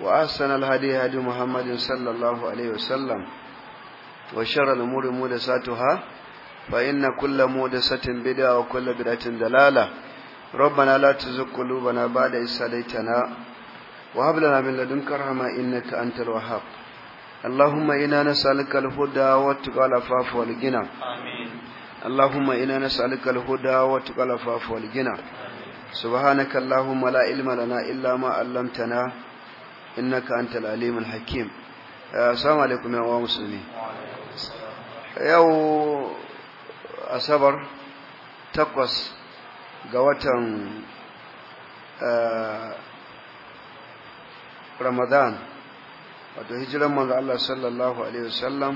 وأحسن الهدي هدي محمد صلى الله عليه وسلم وشر الأمور مودساتها فإن كل مودسة بدعة وكل بدعة دلالة ربنا لا تزغ قلوبنا بعد إذ هديتنا وهب لنا من لدنك رحمة إنك أنت الوهاب اللهم إنا نسألك الهدى والتقى والعفاف والغنى آمين اللهم إنا نسألك الهدى والتقى والعفاف والغنى سبحانك اللهم لا علم لنا إلا ما علمتنا innaka antal alimul hakim eh, assalamu alaikum ya wa musulmi yau asabar takwas ga watan eh, ramadan wato hijiran manzo Allah sallallahu alaihi wasallam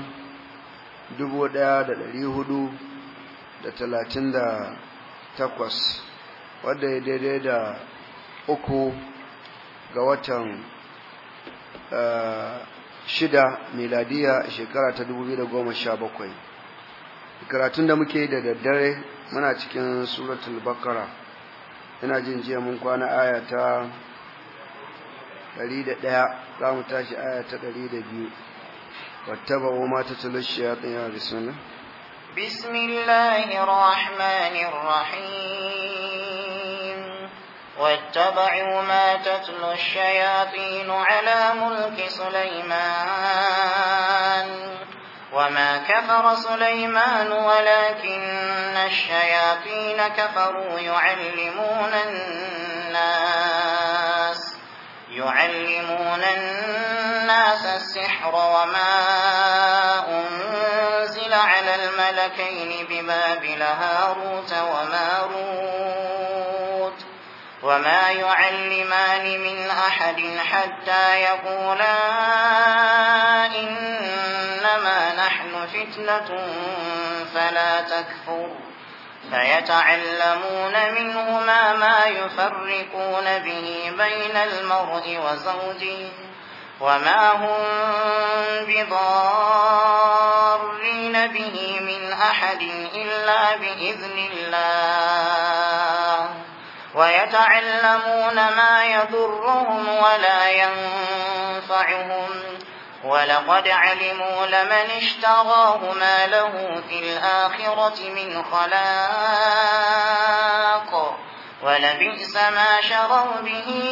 da da talatin 1438 wanda ya daidai da uku ga watan Eh, shida miladiya shekara ta dubu da goma sha bakwai karatun da muke da daddare muna cikin suratul bakara yana jin jiya mun kwana aya ta ɗaya za mu tashi aya ta 102 wattaba'u ma tatlu shayatin ya bismillah bismillahir rahim واتبعوا ما تتلو الشياطين على ملك سليمان وما كفر سليمان ولكن الشياطين كفروا يعلمون الناس يعلمون الناس السحر وما أنزل على الملكين ببابل هاروت وماروت وما يعلمان من أحد حتى يقولا إنما نحن فتنة فلا تكفر فيتعلمون منهما ما يفرقون به بين المرء وزوجه وما هم بضارين به من أحد إلا بإذن الله ويتعلمون ما يضرهم ولا ينفعهم ولقد علموا لمن اشتراه ما له في الآخرة من خلاق ولبئس ما شروا به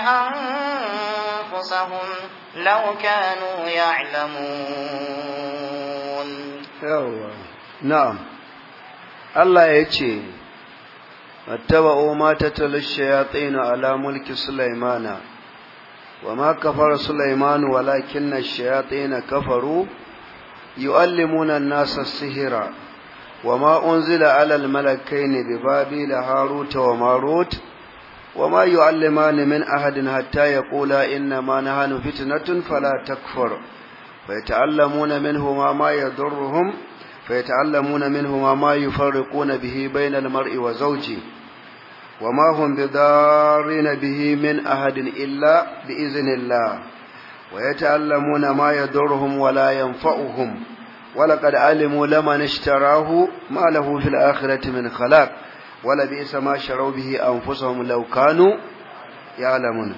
أنفسهم لو كانوا يعلمون نعم الله يتشير واتبعوا ما تتل الشياطين على ملك سليمان وما كفر سليمان ولكن الشياطين كفروا يؤلمون الناس السهرة وما أنزل على الملكين ببابل هاروت وماروت وما يعلمان من أحد حتى يقولا إنما نهان فتنة فلا تكفر فيتعلمون منهما ما يضرهم فيتعلمون منهما ما يفرقون به بين المرء وزوجه وما هم بضارين به من أحد إلا بإذن الله ويتعلمون ما يضرهم ولا ينفعهم ولقد علموا لمن اشتراه ما له في الآخرة من خلاق ولبئس ما شروا به أنفسهم لو كانوا يعلمون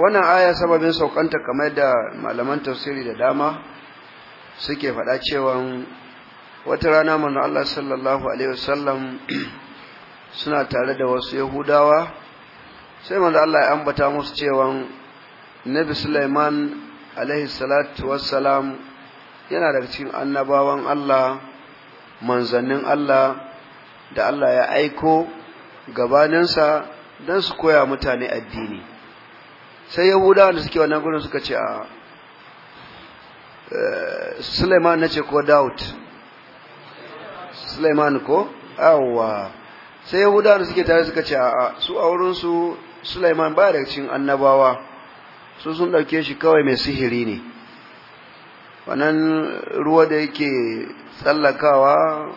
wannan aya sababin saukanta kamar da malaman tafsiri da dama suke faɗa cewa wata rana manzo Allah sallallahu alaihi wasallam suna tare da wasu yahudawa sai manzo Allah ya ambata musu cewa Nabi Sulaiman alaihi salatu wassalam yana daga cikin annabawan Allah manzannin Allah da Allah ya aiko gabaninsa don su koya mutane addini sai yahudawa da suke wannan gudun suka ce a eh, Sulaiman ce ko Daud Sulaiman ko awwa sai yahudawa da suke tare suka ce a'a su a wurin su Sulaiman ba daga cikin annabawa su sun dauke shi kawai mai sihiri ne wannan ruwa da yake tsallakawa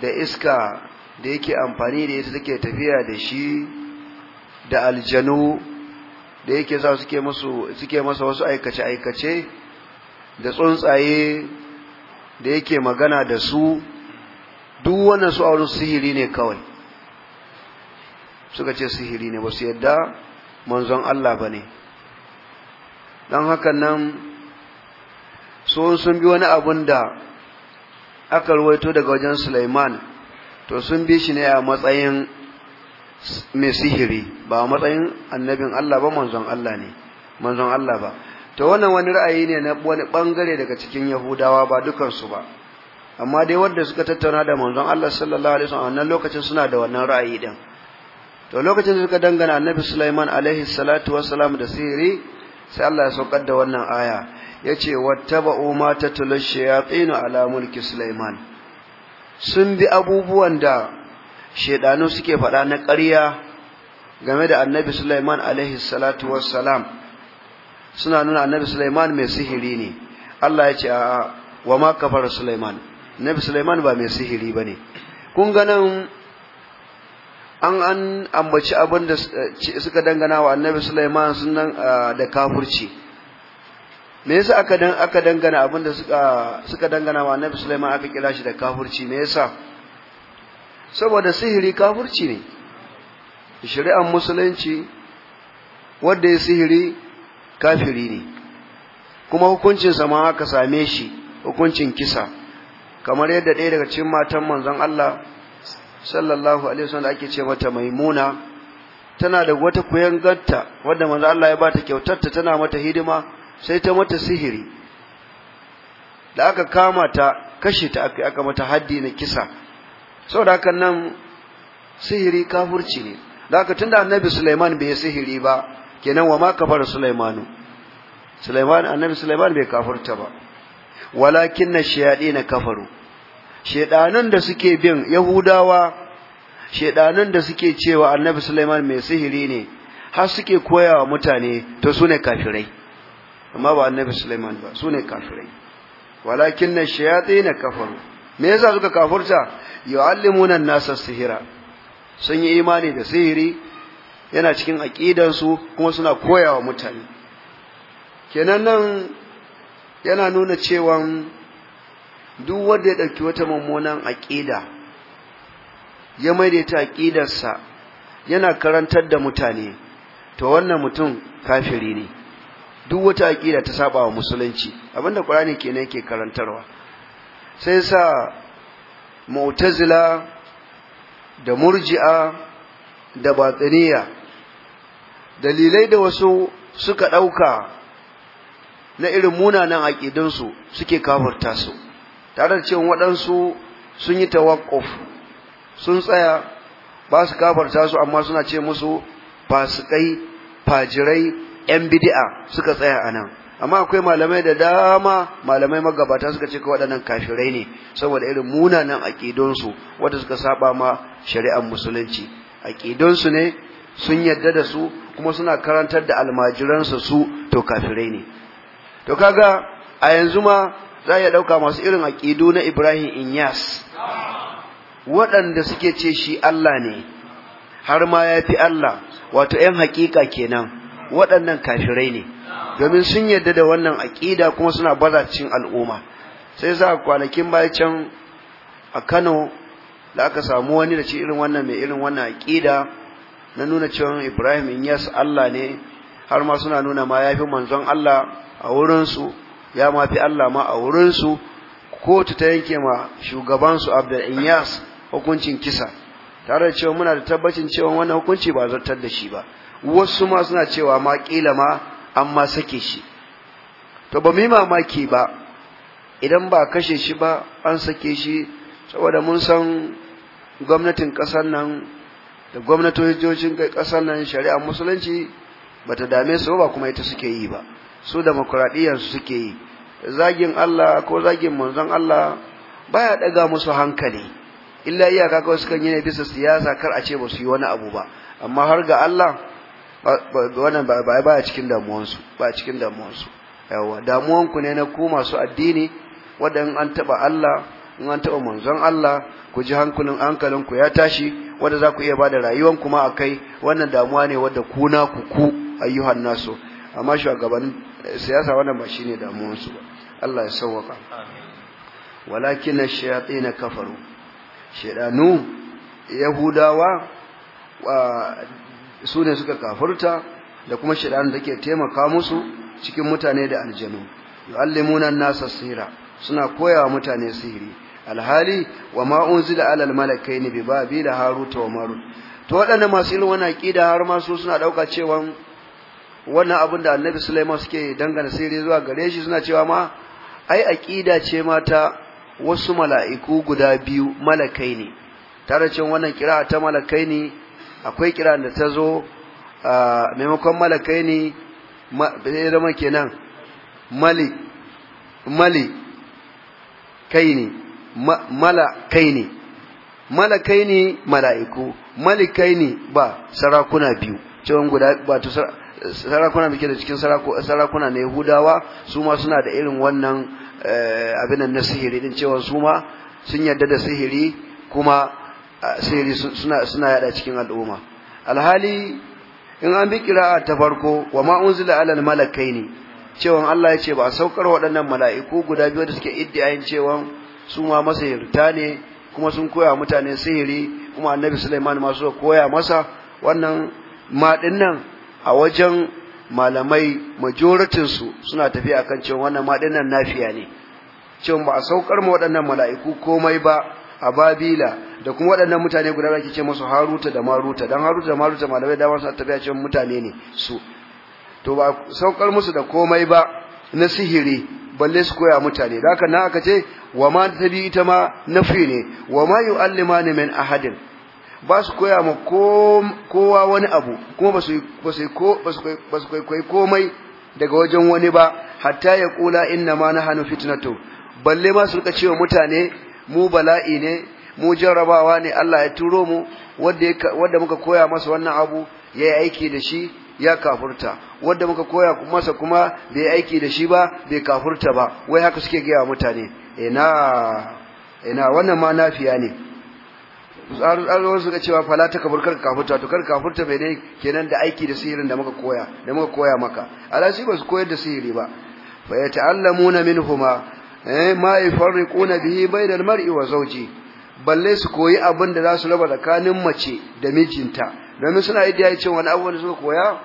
da iska da yake amfani da ita take tafiya da shi da aljanu da yake sa suke musu suke masa wasu aikace aikace da tsuntsaye da yake magana da su duk wannan su auren sihiri ne kawai suka ce sihiri ne ba su yadda manzon Allah ba ne don haka nan su sun bi wani abun da aka ruwaito daga wajen Sulaiman to sun bi shi ne a matsayin mai sihiri ba a matsayin annabin Allah ba manzon Allah ne manzon Allah ba to wannan wani ra'ayi ne na wani bangare daga cikin Yahudawa ba dukansu ba amma dai wanda suka tattauna da manzon Allah sallallahu alaihi wasallam a wannan lokacin suna da wannan ra'ayi din to lokacin da suka dangana annabi Sulaiman alaihi salatu wassalam da sihiri sai Allah ya saukar da wannan aya yace wattaba'u ma tatlu shayatin ala mulki Sulaiman sun bi abubuwan da shedanu suke faɗa na ƙarya game da annabi Sulaiman alaihi salatu wassalam suna nuna annabi Sulaiman mai sihiri ne Allah ya ce a'a wa ma kafara Sulaiman Nabi Sulaiman ba mai sihiri bane kun ga nan an an ambaci abin da eh, suka dangana wa Annabi Sulaiman nan ah, da kafirci me yasa aka dan aka dangana abin da suka suka dangana wa Annabi Sulaiman aka kira shi da kafirci me yasa saboda sihiri kafirci ne shari'ar musulunci wanda ya sihiri kafiri ne kuma hukuncin sa ma aka same shi hukuncin kisa kamar yadda ɗaya daga cikin matan manzon Allah sallallahu alaihi wasallam da ake ce mata maimuna tana da wata kuyangarta wanda manzon Allah ya bata kyautarta tana mata hidima sai ta mata sihiri da aka kama ta kashe ta aka aka mata haddi na kisa saboda hakan nan sihiri kafurci ne da aka tunda annabi Sulaiman bai sihiri ba kenan wa ma kafar Sulaimanu Sulaiman annabi Sulaiman bai kafurta ba walakin na shayadi na kafaru shedanun da suke bin yahudawa shedanun da suke cewa annabi Sulaiman mai sihiri ne har suke koya wa mutane to su ne kafirai amma ba annabi Sulaiman ba su ne kafirai walakin na na kafaru me yasa suka kafurta yu'allimuna nasa sihira sun yi imani da sihiri yana cikin aqidansu kuma suna koya wa mutane kenan nan yana nuna cewan. duk wanda ya ɗauki wata mummunan aƙida ya maidaita aƙidarsa yana karantar da mutane to wannan mutum kafiri ne duk wata aƙida ta saba wa musulunci abinda ƙur'ani kenan yake karantarwa sai sa mu'tazila da murji'a da batiniya dalilai da wasu suka ɗauka na irin munanan aƙidunsu suke kafurta su tare da cewa waɗansu sun yi tawakof sun tsaya ba su kafarta su amma suna ce musu fasikai fajirai yan bid'a suka tsaya a nan amma akwai malamai da dama malamai magabata suka ce waɗannan kafirai ne saboda irin munanan aƙidonsu wanda suka saba ma shari'ar musulunci aƙidonsu ne sun yadda da su kuma suna karantar da almajiransu su to kafirai ne to kaga a yanzu ma za iya ɗauka masu irin aƙidu na Ibrahim Inyas, waɗanda suke ce shi Allah ne, har ma ya fi Allah, wato ‘yan haƙiƙa kenan, waɗannan kafirai ne, domin sun yadda da wannan aƙida kuma suna baza cin al'umma. Sai za kwanakin baya can a Kano da aka samu wani da ce irin wannan mai irin wannan aƙida na nuna cewa Ibrahim Inyas Allah ne, har ma suna nuna ma ya fi manzon Allah a wurinsu. ya ma fi Allah ma a wurinsu kotu ta yanke ma shugabansu Abdul Iyas hukuncin kisa tare da cewa muna da tabbacin cewa wannan hukunci ba zartar da shi ba wasu ma suna cewa ma kila ma an ma sake shi to ba mu mamaki ba idan ba kashe shi ba an sake shi saboda mun san gwamnatin ƙasar nan da gwamnatocin kasar nan shari'a musulunci bata dame su ba kuma ita suke yi ba su demokuraɗiyyar su suke yi zagin Allah ko zagin manzon Allah baya daga musu hankali illa iyaka kawai sukan yi ne bisa siyasa kar a ce ba su yi wani abu ba amma har ga Allah wannan ba ba cikin damuwansu ba cikin damuwansu yawa damuwanku ne na ku masu addini wanda in an taba Allah in an taba manzon Allah ku ji hankulin hankalinku ya tashi wanda za ku iya bada rayuwan kuma akai wannan damuwa ne wanda ku na ku ku ayyuhan nasu amma shugabannin siyasa wannan ba shi ne damuwarsu ba Allah ya sauwaka walakin ash kafaru shedanu yahudawa su ne suka kafurta da kuma da ke taimaka musu cikin mutane da aljanu yu'allimuna nasa sira suna koyawa mutane sihiri alhali wa ma unzila alal malakaini bi babila haruta wa marut to waɗanda masu irin wannan aqida har ma su suna dauka cewa wannan abin da annabi Sulaiman suke dangana sirri zuwa gare shi suna cewa ma ai aqida ce mata wasu mala'iku guda biyu malakai ne tare cin wannan kira ta malakai ne akwai kira da ta zo maimakon malakai ne zai zama kenan mali mali kai ne malakai ne malakai ne mala'iku malakai ne ba sarakuna biyu cewa guda ba to sarakuna sarakuna muke da cikin sarakuna na Yahudawa su ma suna da irin wannan eh, abin nan na sihiri din cewa su ma sun yarda da sihiri kuma eh, sihiri suna yada cikin al'umma alhali in an bi kira ta farko wa ma unzila alal malakaini cewa Allah ya ce ba saukar waɗannan mala'iku guda biyu da suke iddiyayin cewa su ma masihirta ne kuma sun koya mutane sihiri kuma annabi Sulaiman ma su koya masa wannan ma nan a wajen malamai majoritin su suna tafiya kan cewa wannan ma dinnan nafiya ne cewa ba a saukar ma waɗannan mala'iku komai ba a Babila da kuma waɗannan mutane guda da ke ce musu Haruta da Maruta dan Haruta da Maruta malamai da wasu tafiya cewa mutane ne su to ba saukar musu da komai ba na sihiri balle su koya mutane da haka na aka ce wa ma tabi ita ma nafi ne wa ma yu'allimani min ahadin ba su koya ma kowa wani abu kuma ba su kwaikwai komai daga wajen wani ba hatta ya kula inna ma na hannu fitnato balle ma su rika cewa mutane mu bala'i ne mu jarrabawa ne Allah ya turo mu wadda muka koya masa wannan abu ya yi aiki da shi ya kafurta wadda muka koya masa kuma bai yi aiki da shi ba bai kafurta ba wai haka suke gaya mutane ina ina wannan ma nafiya ne tsaruwar suka cewa fala ta kafur kafurta to karka kafurta bai dai kenan da aiki da sihirin da muka koya da muka koya maka alasi ba su koyar da sihiri ba fa yata'allamuna minhuma eh ma yafarriquna bihi bainal mar'i wa zawji balle su koyi abin da za su raba tsakanin mace da mijinta domin suna idiya cewa wani abu da suka koya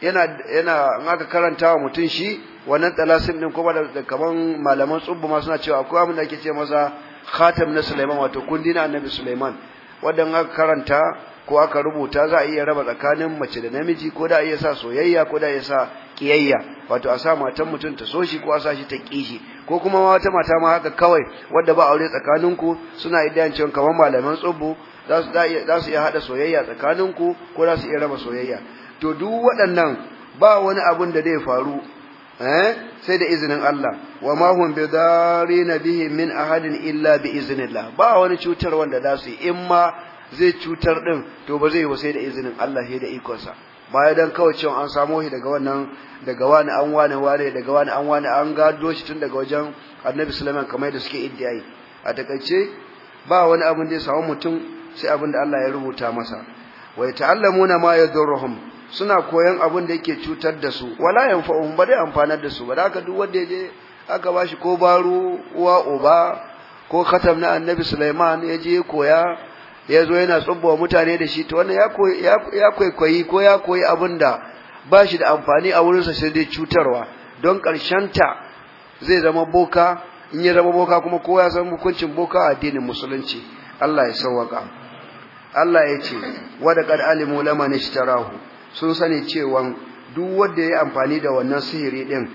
yana yana in aka karanta wa mutum shi wannan talasin din kuma da kaman malaman tsubbu ma suna cewa akwai abin da ake ce masa khatam na Sulaiman wato kundina Annabi Sulaiman wadan aka karanta ko aka rubuta za a iya raba tsakanin mace da namiji ko da iya sa soyayya ko da iya sa kiyayya wato a sa matan mutum ta so shi ko a sa shi ta ki shi ko kuma wata mata ma haka kawai wadda ba aure tsakaninku suna idan cewa kamar malaman tsubbu za su iya hada soyayya tsakaninku ko za su iya raba soyayya to duk waɗannan ba wani abun da zai faru Eh? sai da izinin Allah wa ma hum bidarina bihi min ahadin illa bi iznillah ba wani cutar wanda za su yi in ma zai cutar din to ba zai sai da izinin Allah sai da ikonsa baya dan kawai cewa an samo shi daga wannan daga wani an wani ware daga wani an wani an gado shi tun daga wajen Annabi Sulaiman kamar da suke yi a takaice ba wani abin da ya samu mutum sai abin da Allah ya rubuta masa wa ta'allamuna ma yadurruhum suna koyan abin da yake cutar da su wala yanfa'uhum ba dai amfanar da su ba da duk wanda ya je aka bashi ko baro wa uba ko khatam na annabi Sulaiman ya je koya ya zo yana tsubbawa mutane da shi to wannan ya koyi ya kwaikwayi ko ya koyi abin da ba da amfani a wurinsa sai dai cutarwa don ta zai zama boka in ya zama boka kuma kowa ya san hukuncin boka a addinin musulunci Allah ya sauwaka Allah ya ce wa da qad alimu laman ishtarahu sun sani cewa duk wanda ya amfani da wannan sihiri din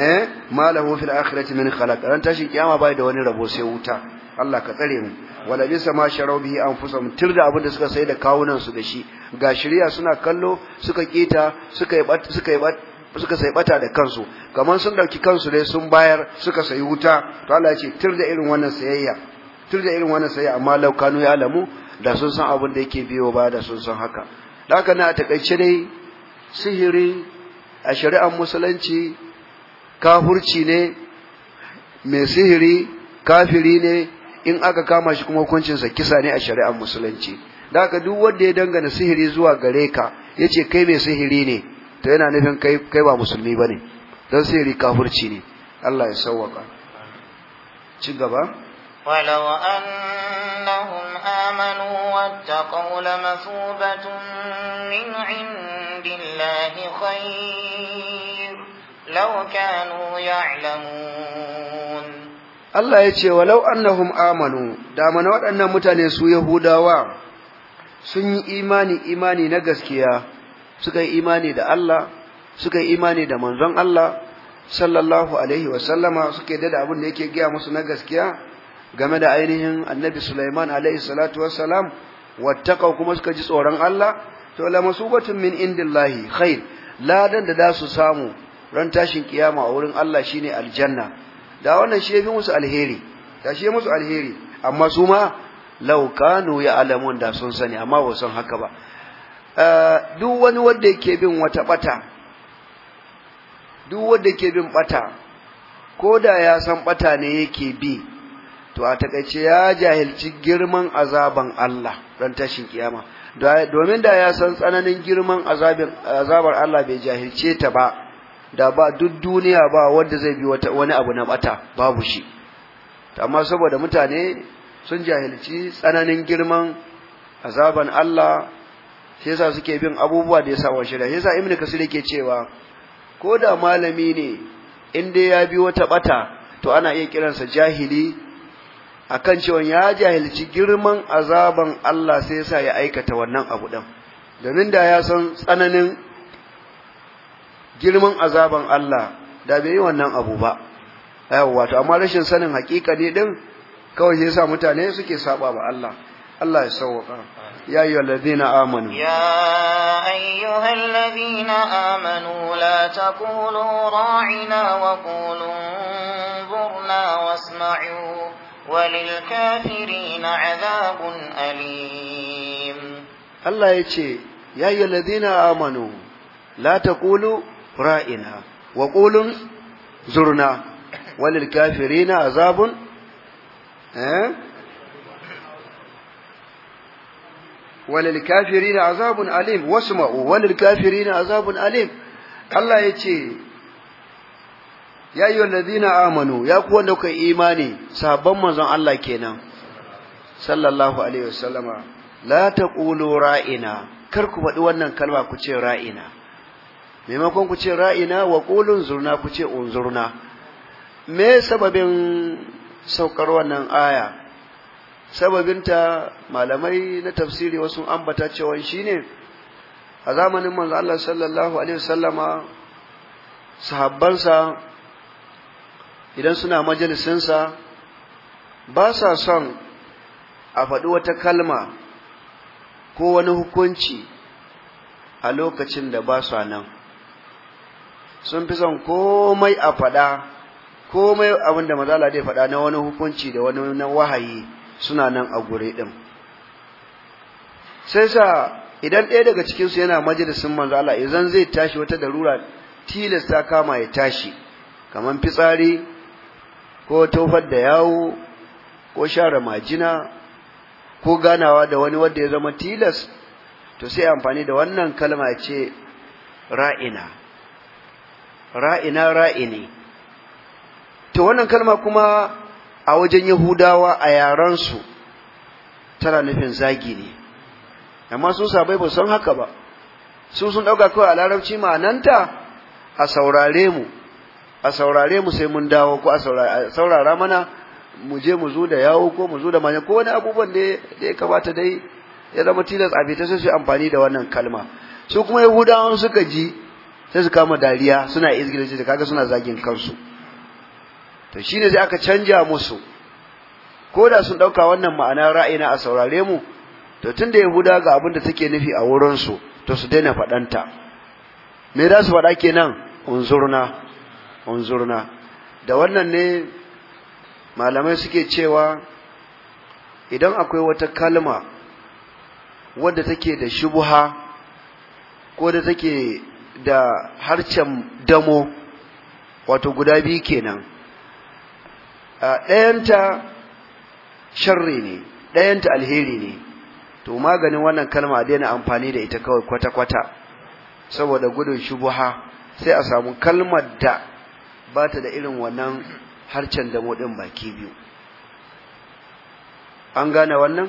eh malahu fil akhirati min khalaq ran tashi kiyama bai da wani rabo sai wuta Allah ka tsare mu wala bisa ma sharau bihi anfusahum tirda abin da suka sai da kawunan su da shi ga shari'a suna kallo suka kita suka yi suka yi suka sai bata da kansu kamar sun dauki kansu dai sun bayar suka sayi wuta to Allah ya ce tirda irin wannan sayayya tirda irin wannan sayayya amma laukanu ya lamu da sun san abin da yake biyo ba da sun san haka haka na a takaice dai sihiri a shari'ar musulunci kafurci ne mai sihiri kafiri ne in aka kama shi kuma hukuncinsa kisa ne a shari'ar musulunci da haka duk wanda ya dangana sihiri zuwa gare ka ya ce kai mai sihiri ne to yana nufin kai ba musulmi ba ne don sihiri kafurci ne Allah ya sauwaka ci gaba آمنوا واتقوا لمثوبة من عند الله خير لو كانوا يعلمون الله يتشي ولو أنهم آمنوا دامنا وأن متنسوا يهوداوا sun yi imani imani na gaskiya suka yi imani da Allah suka yi imani da manzon Allah sallallahu alaihi wasallama suke da abin da yake gaya musu na gaskiya game da ainihin annabi Sulaiman alaihi salatu wassalam wattaqau kuma suka ji tsoron Allah to la masubatun min indillahi khair ladan da za su samu ran tashin kiyama a wurin Allah shine aljanna da wannan shi yafi musu alheri da shi musu alheri amma su ma law kanu ya'lamun da sun sani amma ba san haka ba eh, duk wani wanda yake bin wata bata duk wanda yake bin bata ko da ya san bata ne yake bi to a takaice ya jahilci girman azaban Allah don tashin kiyama domin da ya san tsananin girman azabar Allah bai jahilce ta ba da ba duk duniya ba wanda zai bi wani abu na bata babu shi amma saboda mutane sun jahilci tsananin girman azaban Allah shi yasa suke bin abubuwa da yasa washi da yasa ibnu kasir yake cewa ko da malami ne in dai ya bi wata bata to ana iya kiransa jahili akan cewa ya jahilci girman azaban Allah sai yasa ya aikata wannan abu din domin da ya san tsananin girman azaban Allah da bai yi wannan abu ba yawa to amma rashin sanin hakika ne din kawai yasa mutane suke saba ba Allah Allah ya sauka يا أيها amanu ya يا أيها amanu la taqulu ra'ina wa qulu انظرنا واسمعوا وللكافرين عذاب أليم الله يتي يا أيها الذين آمنوا لا تقولوا رائنا وقولوا زرنا وللكافرين عذاب وللكافرين عذاب أليم واسمعوا وللكافرين عذاب أليم الله يتي ya yi wallazina amanu ya kuwa da kuka imani sabon manzon Allah kenan sallallahu alaihi wasallama la taqulu ra'ina kar ku faɗi wannan kalma ku ce ra'ina maimakon ku ce ra'ina wa qulun zurna ku ce unzurna me sababin saukar wannan aya sababinta malamai na tafsiri wasu ambata cewa shine a zamanin manzo Allah sallallahu alaihi wasallama sahabbansa idan suna majalisinsa ba sa son a faɗi wata kalma ko wani hukunci a lokacin da ba sa nan sun fi son komai a faɗa komai abinda mazala dai faɗa na wani hukunci da wani wahayi suna nan a gure ɗin sai sa idan ɗaya daga cikinsu yana majalisin mazala idan zai tashi wata darura tilasta kama ya tashi kamar fitsari ko tofar da yawo ko share majina ko ganawa da wani wanda ya zama tilas to sai amfani da wannan kalma ce ra'ina ra'ina ra'ini to wannan kalma kuma a wajen yahudawa a yaransu tana nufin zagi ne amma sun sabai ba san haka ba su sun ɗauka kawai a larabci ma'ananta a saurare mu a saurare mu sai mun dawo ko a saurara mana mu je mu zo da yawo ko mu zo da manya ko wani abubuwan da ya kamata dai ya zama tilas a fita sai su amfani da wannan kalma su kuma yahudawan suka ji sai su kama dariya suna izgilci da kaga suna zagin kansu to shine sai aka canja musu ko da sun dauka wannan ma'ana ra'ayina a saurare mu to tunda yahuda ga abin da take nufi a wurinsu su to su daina faɗanta me za su faɗa kenan unzurna unzurna da wannan ne malamai suke cewa idan akwai wata kalma wadda take da shubuha ko da take da harcen damo wato guda biyu kenan ɗayanta sharri ne ɗayanta alheri ne to maganin wannan kalma daina amfani da ita kawai kwata-kwata saboda gudun shubuha sai a samu kalmar da ba ta da irin wannan harcen da ɗin baki biyu an gane wannan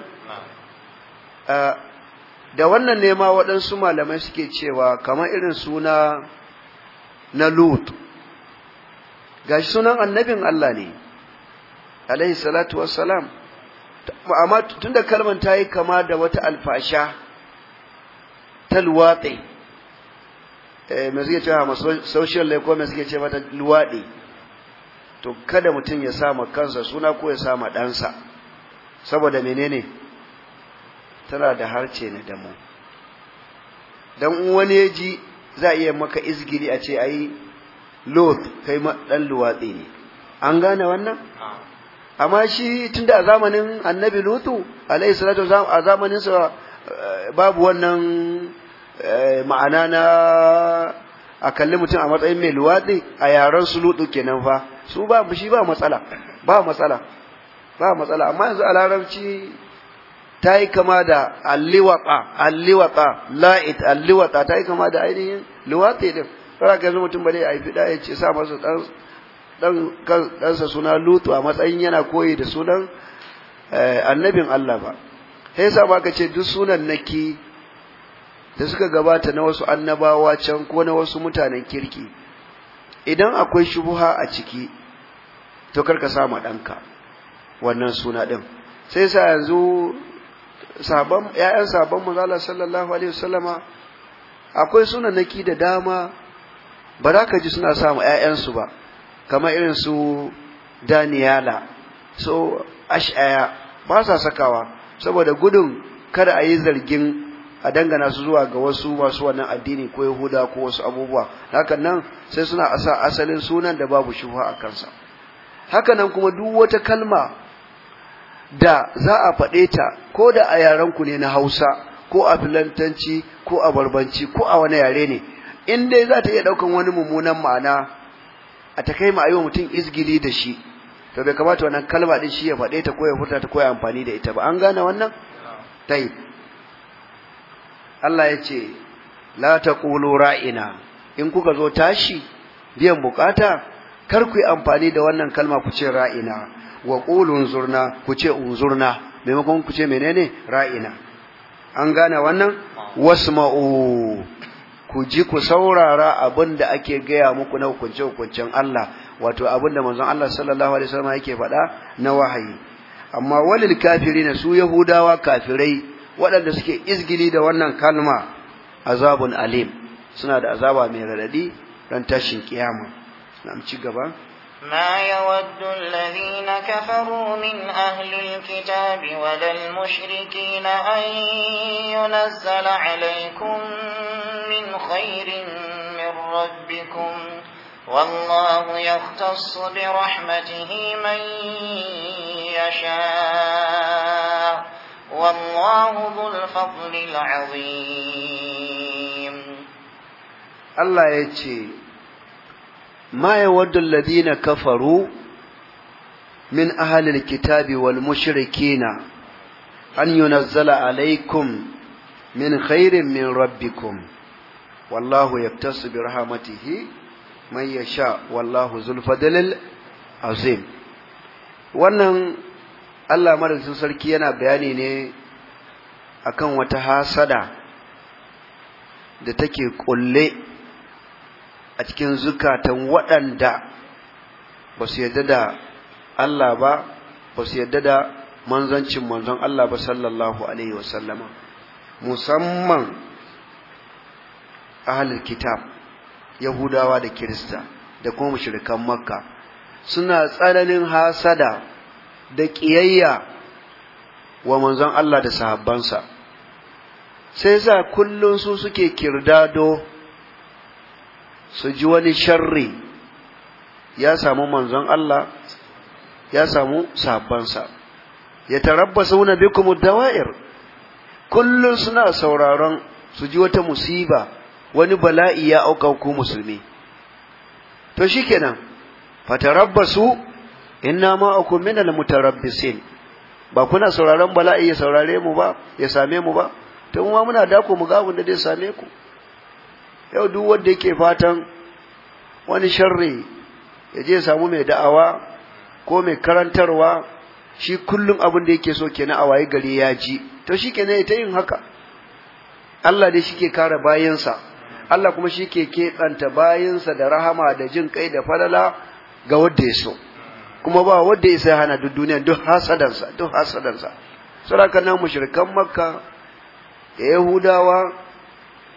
ah, da wannan ne ma waɗansu malamai suke cewa kamar irin suna na Lut gashi sunan annabin Allah ne alaihi salatu wassalam amma tunda kalmar ta yi kama da wata alfasha ta luwatsi ce eh, suke ma social ne ko mai suke ce mata luwaɗi to kada mutum ya sama kansa suna ko ya sama ɗansa saboda menene tana da harce na damu don wani ya ji za a iya maka izgiri a ce a yi loth kai ɗan luwaɗi ne an gane wannan amma shi tunda a zamanin annabi lutu alaihi salatu a zamaninsa eh, babu wannan Eh, ma'ana na a kalli mutum a matsayin mai luwaɗi a yaren su luɗu kenan fa su ba shi ba matsala ba matsala ba matsala amma yanzu a larabci ta yi kama da alliwata alliwata la'it alliwata ta yi kama da ainihin luwaɗi din fara ga yanzu mutum ba a yi fiɗa ya ce sa masa ɗansa suna lutu a matsayin yana koyi da sunan eh, annabin Allah ba sai ba ka ce duk sunan naki da suka gabata na wasu annabawa can ko na wasu mutanen kirki idan akwai shubuha a ciki to karka samu danka wannan suna din sai sa yanzu sabon ƴaƴan sabon manzala sallallahu alaihi wasallama akwai sunanaki da dama ba za ka ji suna samu ƴaƴansu ba kamar irin su daniyala so ash'aya ba sa sakawa saboda gudun kada a yi zargin a dangana su zuwa ga wasu masu wannan addini ko yahuda ko wasu abubuwa hakan nan sai suna asa asalin sunan da babu shuha a kansa hakan nan kuma duk wata kalma da za a faɗe ta ko da a yarenku ne na Hausa ko a filantanci ko a barbanci ko a wani yare ne in dai za ta iya ɗaukan wani mummunan ma'ana a ta kai ma'ayi mutum izgili da shi to bai kamata wannan kalma din shi ya faɗe ta ko ya furta ta ko ya amfani da ita ba an gane wannan tayi Allah ya ce la kulu ra'ina in kuka zo tashi biyan bukata kar ku yi amfani da wannan kalma ku ce ra'ina wa qulu zurna ku ce unzurna maimakon ku ce menene ra'ina an gane wannan wasma'u ku ji ku saurara abin da ake gaya muku na hukunce Allah wato abin da manzon Allah sallallahu alaihi wasallam yake faɗa na wahayi amma walil kafirina su yahudawa kafirai waɗanda suke izgili da wannan kalma azabun alim suna da azaba mai radadi dan tashin kiyama na mu ci gaba ما يود الذين كفروا من أهل الكتاب ولا المشركين أن ينزل عليكم من خير من ربكم والله يختص برحمته من يشاء والله ذو الفضل العظيم الله يتي ما يود الذين كفروا من أهل الكتاب والمشركين أن ينزل عليكم من خير من ربكم والله يقتص برحمته من يشاء والله ذو الفضل العظيم wannan Allah madaukakin sarki yana bayani ne akan wata hasada da take kulle a cikin zukatan waɗanda ba su yarda da Allah ba ba su yarda da manzancin manzon Allah ba sallallahu alaihi wasallama musamman ahlul kitab yahudawa da kirista da kuma shirkan makka suna tsananin hasada da ƙiyayya wa manzon Allah da sahabbansa sai sa kullum su suke kirdado su ji wani sharri ya samu manzon Allah ya samu sahabbansa ya bi bikum dawa'ir kullum suna sauraron su ji wata musiba wani bala'i ya auka ku musulmi to shikenan su. inna ma'akum minal mutarabbisin ba kuna sauraron bala'i ya saurare mu ba ya same mu ba to mu muna dako mu ga da zai same ku yau duk wanda yake fatan wani sharri ya je samu mai da'awa ko mai karantarwa shi kullum abin da yake so kenan a waye gari ya ji to shi kenan ta yin haka Allah dai shike kare bayansa Allah kuma shike keɓanta bayansa da rahama da jin kai da falala ga wanda ya so kuma ba wanda ya sai hana duk duniya duk hasadansa duk hasadansa saraka na mushrikan makka yahudawa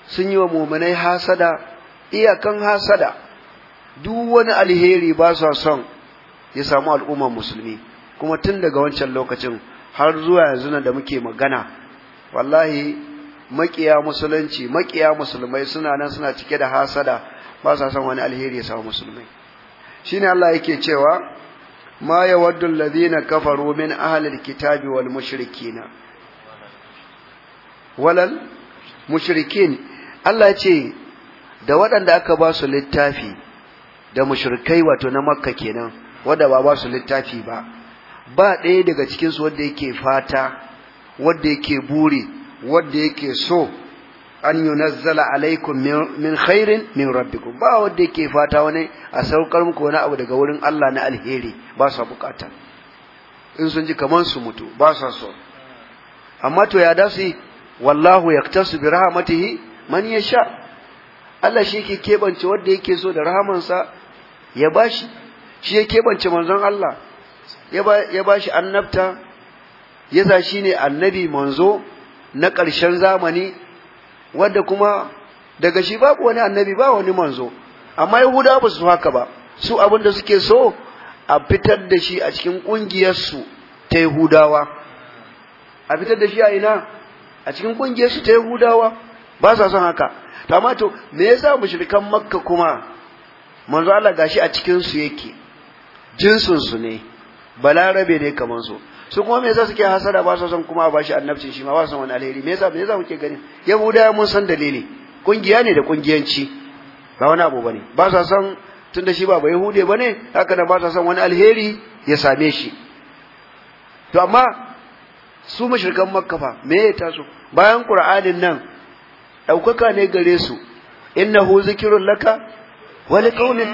sun yi wa muminai hasada iyakan hasada duk wani alheri ba sa son ya samu al'ummar musulmi kuma tun daga wancan lokacin har zuwa yanzu nan da muke magana wallahi makiya musulunci makiya musulmai suna nan suna cike da hasada ba sa son wani alheri ya samu musulmai shine Allah yake cewa ما يود الذين كفروا من أهل الكتاب والمشركين ولا walal mushrikin Allah ce da waɗanda aka ba su littafi da mushrikai wato na makka kenan wanda ba ba su littafi ba ba ɗaya daga cikin su wanda yake fata wanda yake buri wanda yake so an yunazzala alaikum min khairin min rabbikum ba wanda yake fata wani a saukar muku wani abu daga wurin Allah na alheri ba su bukata in sun ji kaman su mutu ba su so amma to ya dasi wallahu yaktasu bi rahmatihi man yasha Allah shi yake kebance wanda yake so da rahamansa ya bashi shi ya kebance manzon Allah ya bashi annabta yasa shine annabi manzo na ƙarshen zamani wanda kuma daga shi babu wani annabi ba wani manzo amma yahuda ba su haka ba su abin da suke so a fitar da shi a cikin ƙungiyarsu ta yahudawa a fitar da shi a ina a cikin ƙungiyarsu ta yahudawa ba sa son haka to amma to me yasa mushrikan makka kuma manzo Allah gashi a cikin su yake jinsin su ne balarabe ne kamar su su kuma me yasa suke hasada ba su san kuma a bashi annabci shi ma ba su san wani alheri me za me yasa muke gani yahuda mun san dalili kungiya ne da kungiyanci ba wani abu bane ba su san tunda shi ba ba yahude bane haka da ba su san wani alheri ya same shi to amma su mushrikan makka fa me ya taso bayan qur'anin nan daukaka ne gare su innahu zikrul laka wa liqaumin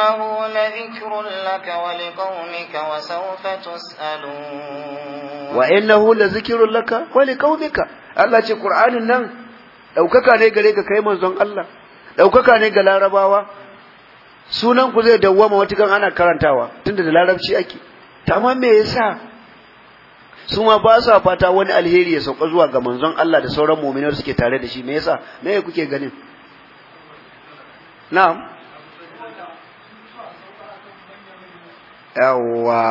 وإنه لذكر لك ولقومك وسوف تسألون وإنه لذكر لك ولقومك الله ce Qur'anin nan ɗaukaka ne gare ka kai manzon Allah ɗaukaka ne ga larabawa sunan ku zai dawwama watakan ana karantawa tunda da larabci ake amma me yasa su ma ba sa fata wani alheri ya sauka zuwa ga manzon Allah da sauran mu'minai suke tare da shi me yasa me kuke ganin na'am yawwa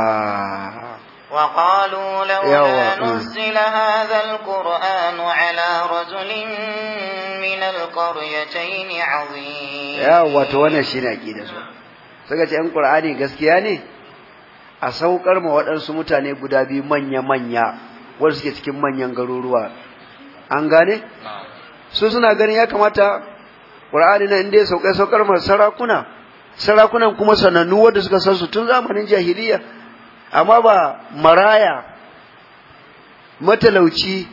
وقالوا لولا نزل هذا القرآن على رجل من القريتين عظيم يا to wannan shine akida su suka ce in Qur'ani gaskiya ne a saukar ma waɗansu mutane guda biyu manya manya wanda suke cikin manyan garuruwa an gane su suna ganin ya kamata Qur'ani na inda ya sauka saukar ma sarakuna sarakunan kuma sanannu wanda suka san su tun zamanin jahiliya amma ba maraya matalauci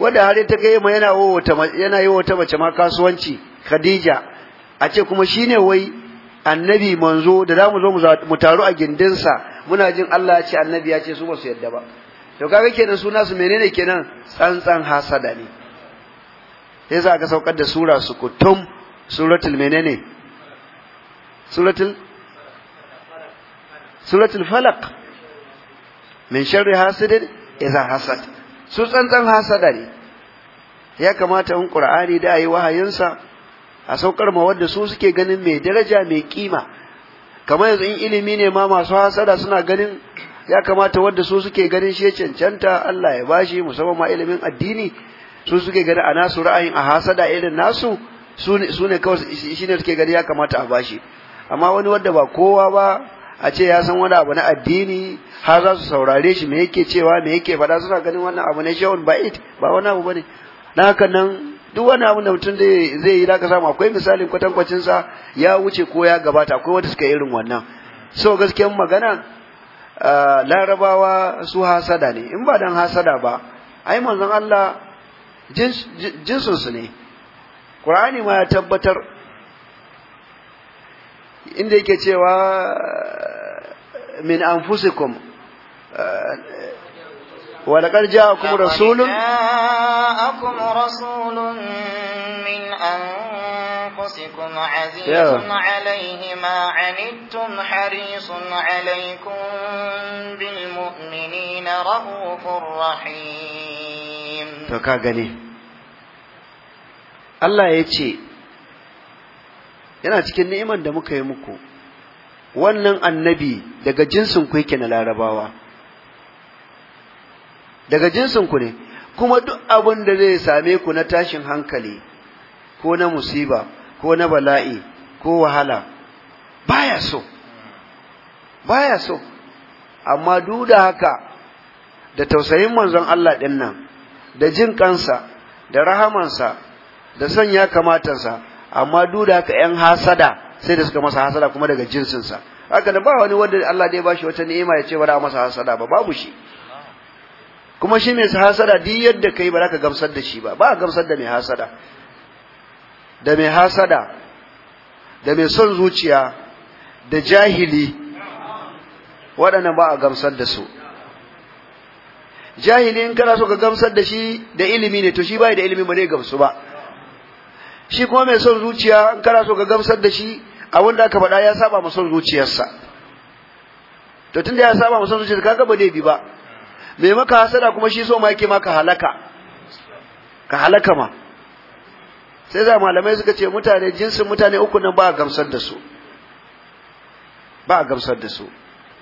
wanda har ta kai ma yana wo wata yana yi wata mace ma kasuwanci Khadija a ce kuma shine wai annabi manzo da zamu zo mu taru a gindinsa muna jin Allah ya ce annabi ya ce su ba su yadda ba to kaga kenan suna su menene kenan tsantsan hasada ne Sai za ka saukar da sura su kutum suratul menene suratul suratul falaq min sharri hasidin idza hasad su tsantsan hasada ne ya kamata in qur'ani da ayi wahayinsa a saukar ma wanda su suke ganin mai daraja mai kima kamar yanzu in ilimi ne ma masu hasada suna ganin ya kamata wanda su suke ganin shi cancanta Allah ya bashi musamman ma ilimin addini su suke ganin a nasu ra'ayin a hasada irin nasu su ne kawai shi ne suke gani ya kamata a bashi amma wani wanda ba kowa ba a ce ya san wani abu na addini har za su saurare shi me yake cewa me yake faɗa suna ganin wannan abu ne shawun it ba wani abu bane na haka nan duk wani abu da mutum zai yi zaka samu akwai misalin kwatankwacin sa ya wuce ko ya gabata akwai wanda suka irin wannan so gaskiyar magana larabawa su hasada ne in ba dan hasada ba ai manzon Allah jinsin ne Qur'ani ma ya tabbatar inda yake cewa min anfusikum wa laqad ja'akum rasulun ja'akum rasulun min anfusikum harisun 'alaykum bil mu'minina Allah ya ce yana cikin ni'iman da muka yi muku wannan annabi daga jinsin ku yake na larabawa daga jinsin ku ne kuma duk abin da zai same ku na tashin hankali ko na musiba ko na bala'i ko wahala baya so baya so amma duk da haka da tausayin manzon Allah ɗin nan da jin kansa da rahamansa da son ya kamatansa amma duda da haka yan hasada sai da suka masa hasada kuma daga jinsinsa haka da ba wani wanda Allah dai bashi wata ni'ima ya ce ba da masa hasada ba babu shi kuma shi mai hasada duk yadda kai ba za ka gamsar da shi ba ba gamsar da mai hasada da mai hasada da mai son zuciya da jahili waɗannan ba a gamsar da su jahili in kana so ka gamsar da shi da ilimi ne to shi bai da ilimi ba zai gamsu ba shi kuma mai son zuciya in kana so ka gamsar da shi abin da aka faɗa ya saba ma son zuciyarsa to tunda ya saba ma son zuciyarsa kaga ba bi ba mai maka hasada kuma shi so ma yake maka halaka ka halaka ma sai za malamai suka ce mutane jinsin mutane uku nan ba a gamsar da su ba a gamsar da su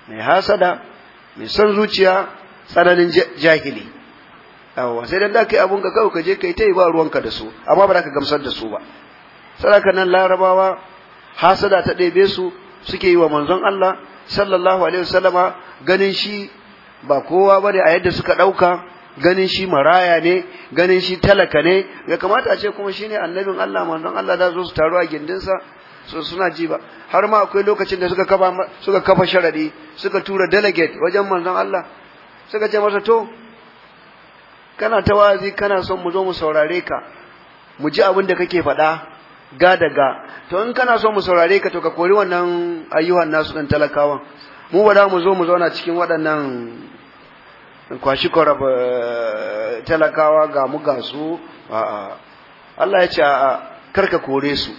mai hasada mai son zuciya tsananin jahili sai dan da kai abun ka kawai ka je kai tai ba ruwanka da su amma ba za ka gamsar da su ba saraka nan larabawa hasada ta ɗebe su suke yi wa manzon Allah sallallahu alaihi wasallama ganin shi ba kowa bane a yadda suka ɗauka ganin shi maraya ne ganin shi talaka ne ya kamata a ce kuma shine annabin Allah manzon Allah da zo su taru a gindinsa so suna ji ba har ma akwai lokacin da suka kafa suka kafa sharadi suka tura delegate wajen manzon Allah suka ce masa to kana ta wazi kana son mu zo mu saurare ka mu ji abin da kake faɗa ga daga to in kana son mu saurare ka to ka kori wannan ayyuhan nasu dan talakawan mu ba za mu zo mu zauna cikin waɗannan kwashi korab eh, talakawa ga mu ga su a'a Allah ya ce a'a karka kore su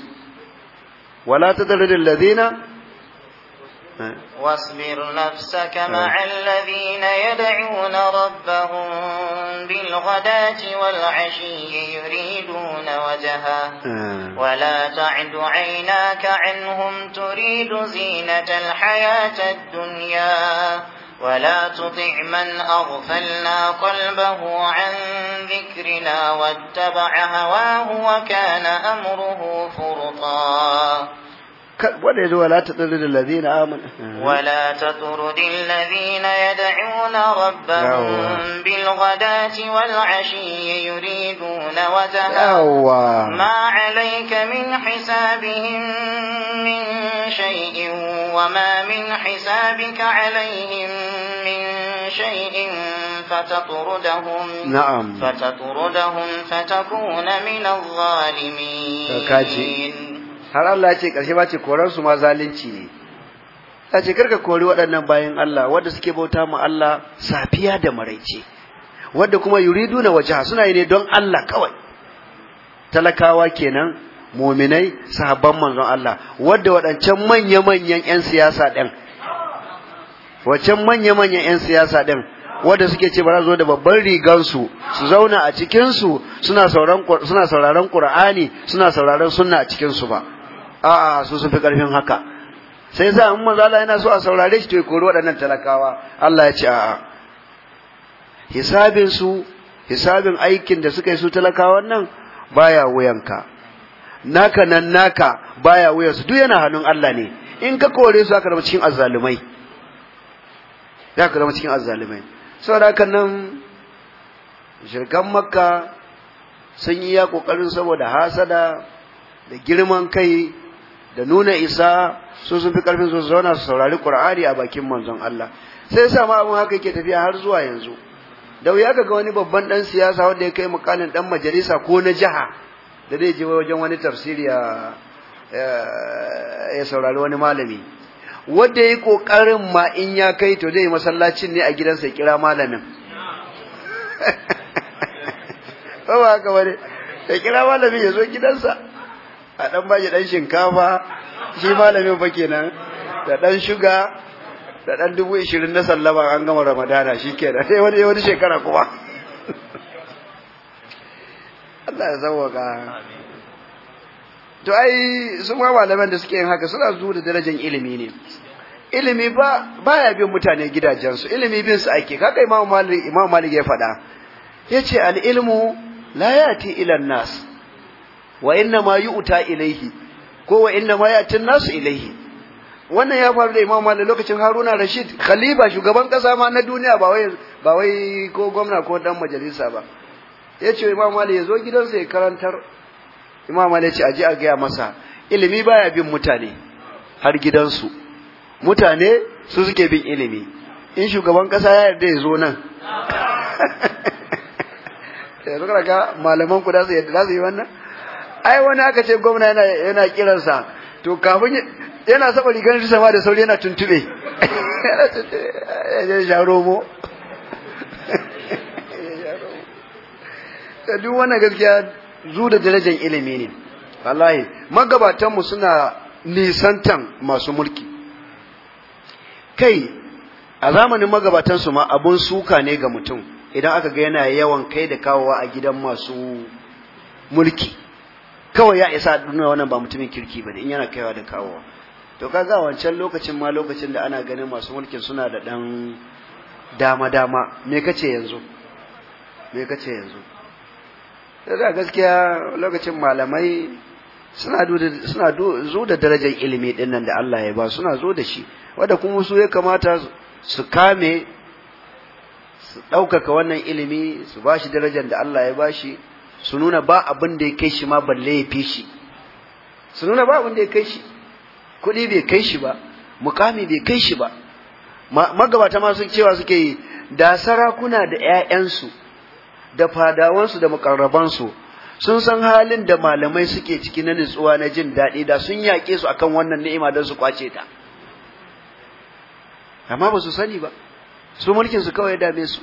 wala tadarrul ladina واصبر نفسك مع طيب. الذين يدعون ربهم بالغداة والعشي يريدون وجهه آه. ولا تعد عيناك عنهم تريد زينة الحياة الدنيا ولا تطع من أغفلنا قلبه عن ذكرنا واتبع هواه وكان أمره فرطا wanda yazo wala tatrudil ladina amanu wala ta tatrudil ladina yad'una rabbahum wal'ashi ya yuri, ashi wata wajha ma alayka min hisabihim min shay'in wama min hisabika alayhim min shay'in فتطردهم نعم فتطردهم فتكون من الظالمين har Allah ya ce ƙarshe ba ce su ma zalunci ne ta ce karka kori waɗannan bayan Allah wadda suke bauta ma Allah safiya da maraice wadda kuma yuridu na wajaha suna yi ne don Allah kawai talakawa kenan muminai sahabban manzon Allah wadda waɗancan manya-manyan 'yan siyasa ɗin waccan manya-manyan 'yan siyasa ɗin wadda suke ce ba zo da babban rigansu su zauna a cikinsu suna sauraron ƙur'ani suna sauraron sunna a cikinsu ba a'a su sun fi karfin haka sai za in manzo Allah yana so a saurare shi to ya kori waɗannan talakawa Allah ya ce a'a hisabin su hisabin aikin da suka yi su talakawan nan baya wuyanka naka nan naka baya wuyan su duk yana hannun Allah ne in ka kore su aka zama cikin azzalumai za ka zama cikin azzalumai saboda haka nan shirkan makka sun yi ya kokarin saboda hasada da girman kai da nuna isa su sun fi karfin su zauna su saurari qur'ani a bakin manzon Allah sai sa ma abun haka yake tafiya har zuwa yanzu da wuya ga wani babban dan siyasa wanda ya kai mukalin dan majalisa ko na jiha da zai je wajen wani tafsiri ya saurari wani malami wanda yi kokarin ma in ya kai to zai masallacin ne a gidansa ya kira malamin ba haka bane ya kira malamin ya zo gidansa a dan baje dan shinkafa shi malamin fa kenan da dan shuga da dan dubu ishirin na sallama an gama ramadana shi kenan sai wani wani shekara kuma Allah ya zawaka to ai su ma malaman da suke yin haka suna zuwa da darajar ilimi ne ilimi ba baya bin mutane gidajensu ilimi bin su ake kaga imamu malik imam malik ya faɗa yace al ilmu la yati ila nas wa inna ma yu'ta ilaihi ko wa inna ma nasu ilaihi wannan ya faru da Imam Malik lokacin Haruna Rashid khalifa shugaban kasa ma na duniya ba wai ba wai ko gwamna ko dan majalisa ba yace imamu ali ya zo gidansa ya karantar imamu ali ya ce aje a gaya masa ilimi baya bin mutane har gidansu mutane su suke bin ilimi in shugaban kasa ya yarda ya zo nan ya zo ga malaman ku da su yadda za su yi wannan ai wani aka ce gwamna yana yana kiransa to kafin yana saba rigar shi sama da sauri yana tuntube yana tuntube ya sha romo ta duk wannan gaskiya zu da darajar ilimi ne wallahi magabatanmu suna nisantan masu mulki kai a zamanin magabatansu ma abun suka ne ga mutum idan aka ga yana yawan kai da kawowa a gidan masu mulki kawai ya isa duniya wannan ba mutumin kirki ba in yana kaiwa da kawowa to kaga wancan lokacin ma lokacin da ana ganin masu mulkin suna da dan dama dama me kace yanzu me kace yanzu da gaskiya lokacin malamai suna suna zo da darajar ilimi din nan da Allah ya ba suna zo da shi wanda kuma su ya kamata su kame su ɗaukaka wannan ilimi su bashi shi darajar da Allah ya bashi. su nuna ba abin da ya kai shi ma balle ya fi shi su nuna ba abin da ya kai shi kuɗi bai kai shi ba mukami bai kai shi ba magabata ma sun cewa suke yi da sarakuna da 'ya'yansu da fadawansu da mukarrabansu sun san halin da malamai suke ciki na nutsuwa na jin daɗi da sun yaƙe su akan wannan ni'ima don su kwace ta amma ba su sani ba su mulkin su kawai ya dame su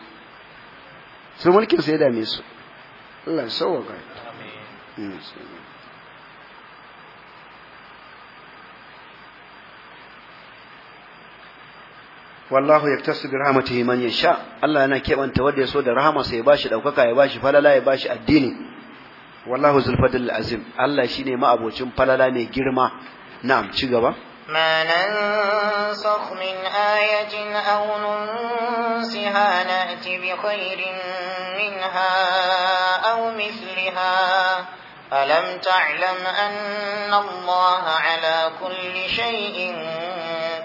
su mulkin su ya dame su الله يسوق آمين والله يكتسب رحمته من يشاء الله انا كيف انت ودي سو ده رحمه سي باشي دوكاكا يا باشي فلالا يا باشي اديني والله ذو الفضل العظيم الله شيني ما ابوچن فلالا مي غيرما نعم شيغبا ما ننسخ من آية أو ننسها نأت بخير منها أو مثلها ألم تعلم أن الله على كل شيء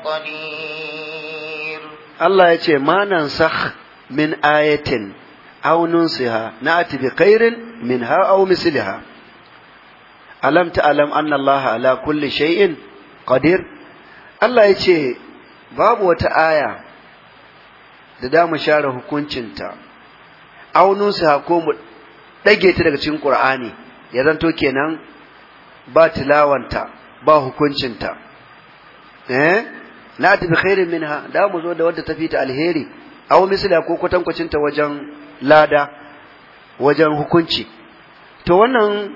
قدير الله يتي ما ننسخ من آية أو ننسها نأتي بخير منها أو مثلها ألم تعلم أن الله على كل شيء قدير Allah ya ce babu wata aya da da share hukuncinta aunusa ko mu ɗage ta daga cikin Qur'ani ya zanto kenan ba tilawanta ba hukuncinta eh la tafi khairin minha da mu zo da wadda tafi ta alheri Au misla ko kwatankwacin ta wajen lada wajen hukunci to wannan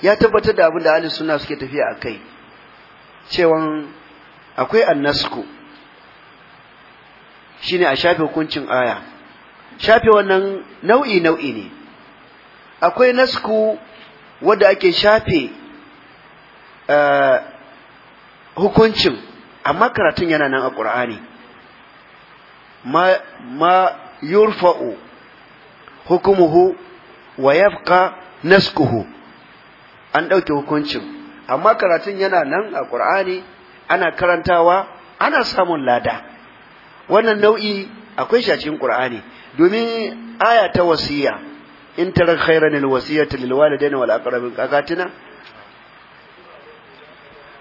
ya tabbatar da abin da ahli sunna suke tafiya akai cewan akwai annasku shine a shafe hukuncin aya shafe wannan nau'i nau'i ne akwai nasku wanda ake shafe eh, hukuncin amma karatun yana nan a Qur'ani ma ma yurfa'u hukumuhu wa yabqa naskuhu an ɗauke hukuncin amma karatun yana nan a Qur'ani ana karantawa ana samun lada wannan nau'i akwai shi a cikin Qur'ani domin aya ta wasiya in tarak khairan alwasiyatu lilwalidaini wal aqrabin kakatina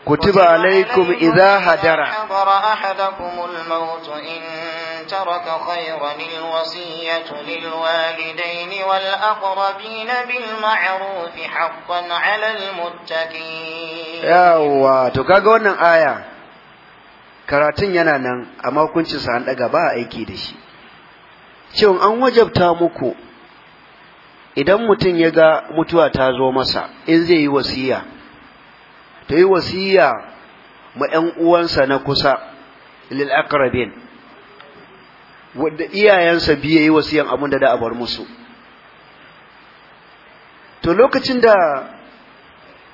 kutiba alaikum idha hadara أحدكم الموت in ترك خيرا الوصية للوالدين والأقربين بالمعروف حقا على المتقين يوا kaga wannan aya karatun yana nan amma hukuncin sa an daga ba aiki da shi cewa an wajabta muku idan mutum ya ga mutuwa ta zo masa in zai yi wasiya ta yi wasiya ma 'yan uwansa na kusa lil akrabin wanda iyayensa biye yi wasiyan abin da da a bar musu to lokacin da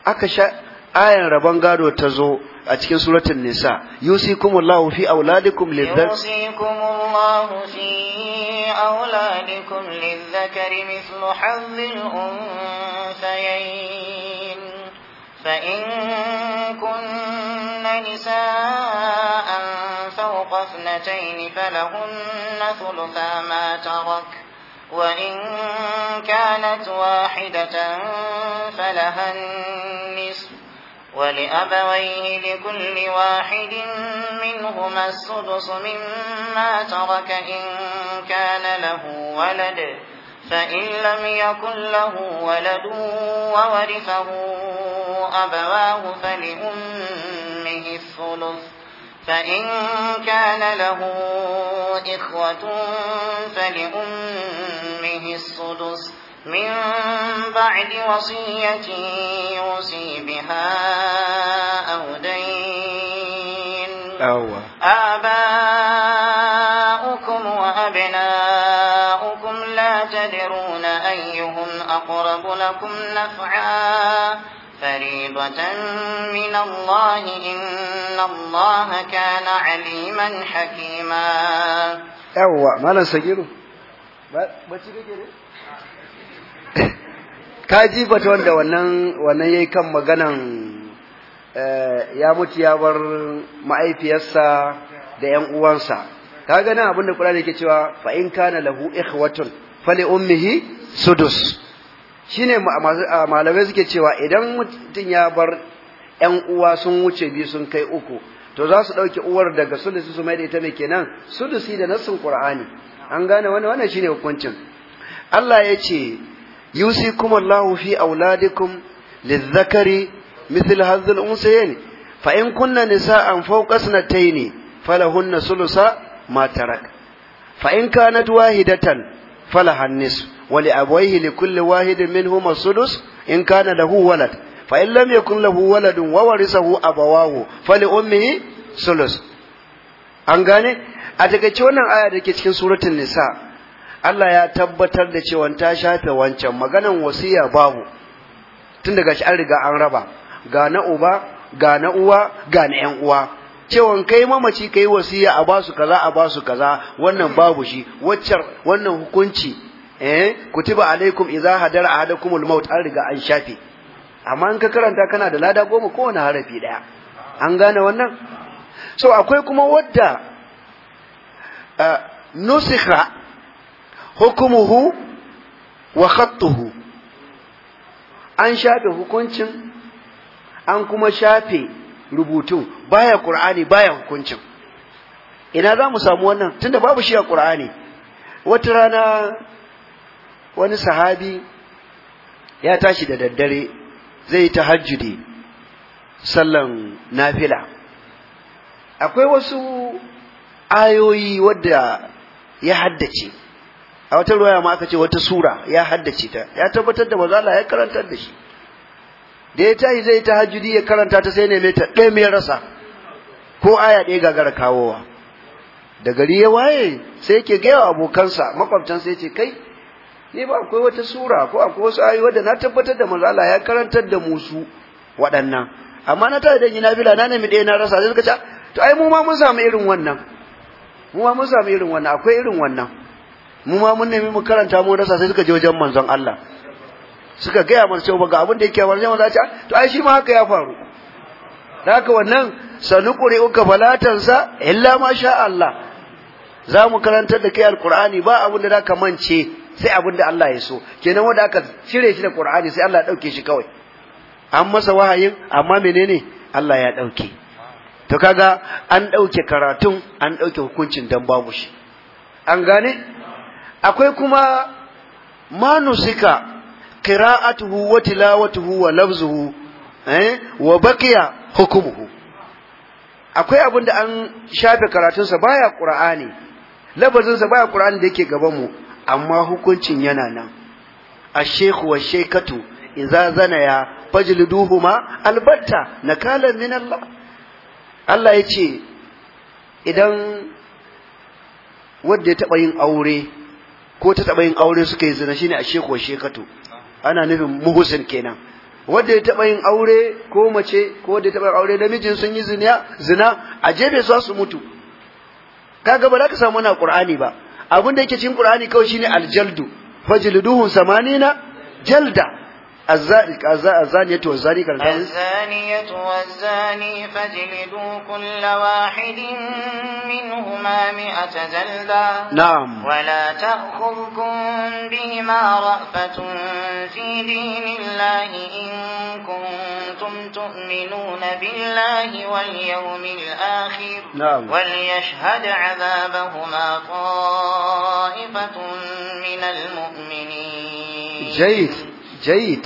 aka sha ayan rabon gado ta zo a cikin suratun nisa yusikumullahu fi auladikum lidhakari yusikumullahu fi auladikum lidhakari fa in kunna nisaa فوق اثنتين فلهن ثلثا ما ترك وإن كانت واحدة فلها النصف ولأبويه لكل واحد منهما السدس مما ترك إن كان له ولد فإن لم يكن له ولد وورثه أبواه فلأمه الثلث فإن كان له إخوة فلأمه السدس من بعد وصية يوصي بها أو دين أو آباؤكم وأبناؤكم لا تدرون أيهم أقرب لكم نفعاً فريضة من الله إن الله كان عليما حكيما يوا ما نسجله ka ji wanda wannan wannan yayi kan maganan ya mutu ya bar ma'aifiyarsa da ƴan uwansa kaga nan abinda Qur'ani yake cewa fa in kana lahu ikhwatun fali ummihi sudus ne malamai suke cewa idan mutum ya bar ‘yan uwa sun wuce biyu sun kai uku, to za su ɗauki uwar daga sulusi su mai da ita mai kenan sulusi da nassin Qur'ani. An gane wani wannan ne hukuncin. Allah ya ce, Yusi kuma Allah fi auladikum lizzakari mithil hazzul unsayin fa in kunna nisa'an fawqa sanatayn falahunna sulusa ma tarak fa in kanat wahidatan falahan nisfu ولأبويه لكل واحد منهما السدس إن كان له ولد فإن لم يكن له ولد وورثه أبواه فلأمه سدس an gane a takaice wannan aya da ke cikin suratul nisa Allah ya tabbatar da cewa ta shafe wancan maganan wasiya babu tun daga shi an riga an raba ga na uba ga na uwa ga na yan uwa cewan kai mamaci kai wasiya a basu kaza a basu kaza wannan babu shi waccar wannan hukunci eh kutiba alaikum idza hadara ahadakumul maut an riga an shafe amma an ka karanta kana da lada goma ko wani harafi daya an gane wannan so akwai kuma wadda uh, nusikha hukumuhu wa khattuhu an shafe hukuncin an kuma shafe rubutu baya qur'ani baya hukuncin ina za mu samu wannan tunda babu shi a qur'ani wata rana wani sahabi ya tashi da daddare zai yi tahajjudi sallan nafila akwai wasu ayoyi wadda ya haddace a wata ruwaya ma aka ce wata sura ya haddace ta ya tabbatar da mazala ya karantar da shi da ya tashi zai tahajjudi ya karanta ta sai ne ta ɗaya mai rasa ko aya ɗaya gagara kawowa da gari ya waye sai yake gaya wa abokansa makwabtansa ya ce kai ne ba akwai wata sura ko akwai wasu ayoyi wanda na tabbatar da manzo Allah ya karantar da mu su waɗannan amma na ta da yi bila na nemi ɗaya na rasa sai suka ce to ai mu ma mun samu irin wannan mu ma mun samu irin wannan akwai irin wannan mu ma mun nemi mu karanta mu rasa sai suka je wajen manzon Allah suka gaya mana cewa ga abin da yake wajen manzon Allah to ai shi ma haka ya faru da haka wannan sanukuri uka falatansa illa ma sha Allah za mu karantar da kai alqur'ani ba abin da zaka mance sai abin da Allah ya so kenan wanda aka cire shi da Qur'ani sai Allah ya dauke shi kawai an masa wahayin amma menene Allah ya dauke to kaga an dauke karatun an dauke hukuncin dan babu shi an gane akwai kuma manusika qira'atuhu wa tilawatuhu wa lafzuhu eh wa baqiya hukumuhu akwai abin da an shafe karatunsa baya Qur'ani labazinsa baya Qur'ani da yake gaban mu amma hukuncin yana nan الشيخ والشيكة إذا زنيا فاجلدوهما البتة albatta من min Allah ya ce, Idan wadda ya taɓa yin aure, ko ta taɓa yin aure suka yi zina shine a wa shekatu, ana nufin muhusin kenan. Wadda ya taɓa yin aure ko mace, ko wadda ya taɓa aure namijin sun yi zina, a jefe su su mutu. Kaga ba za ka samu na Ƙur'ani ba, abun da yake cikin Qur'ani kawai shine aljaldu fajliduhum samanina jalda الزانية والزاني كان الزانية والزاني فاجلدوا كل واحد منهما مئة جلدة نعم ولا تأخذكم بهما رأفة في دين الله إن كنتم تؤمنون بالله واليوم الآخر نعم وليشهد عذابهما طائفة من المؤمنين جيد جيد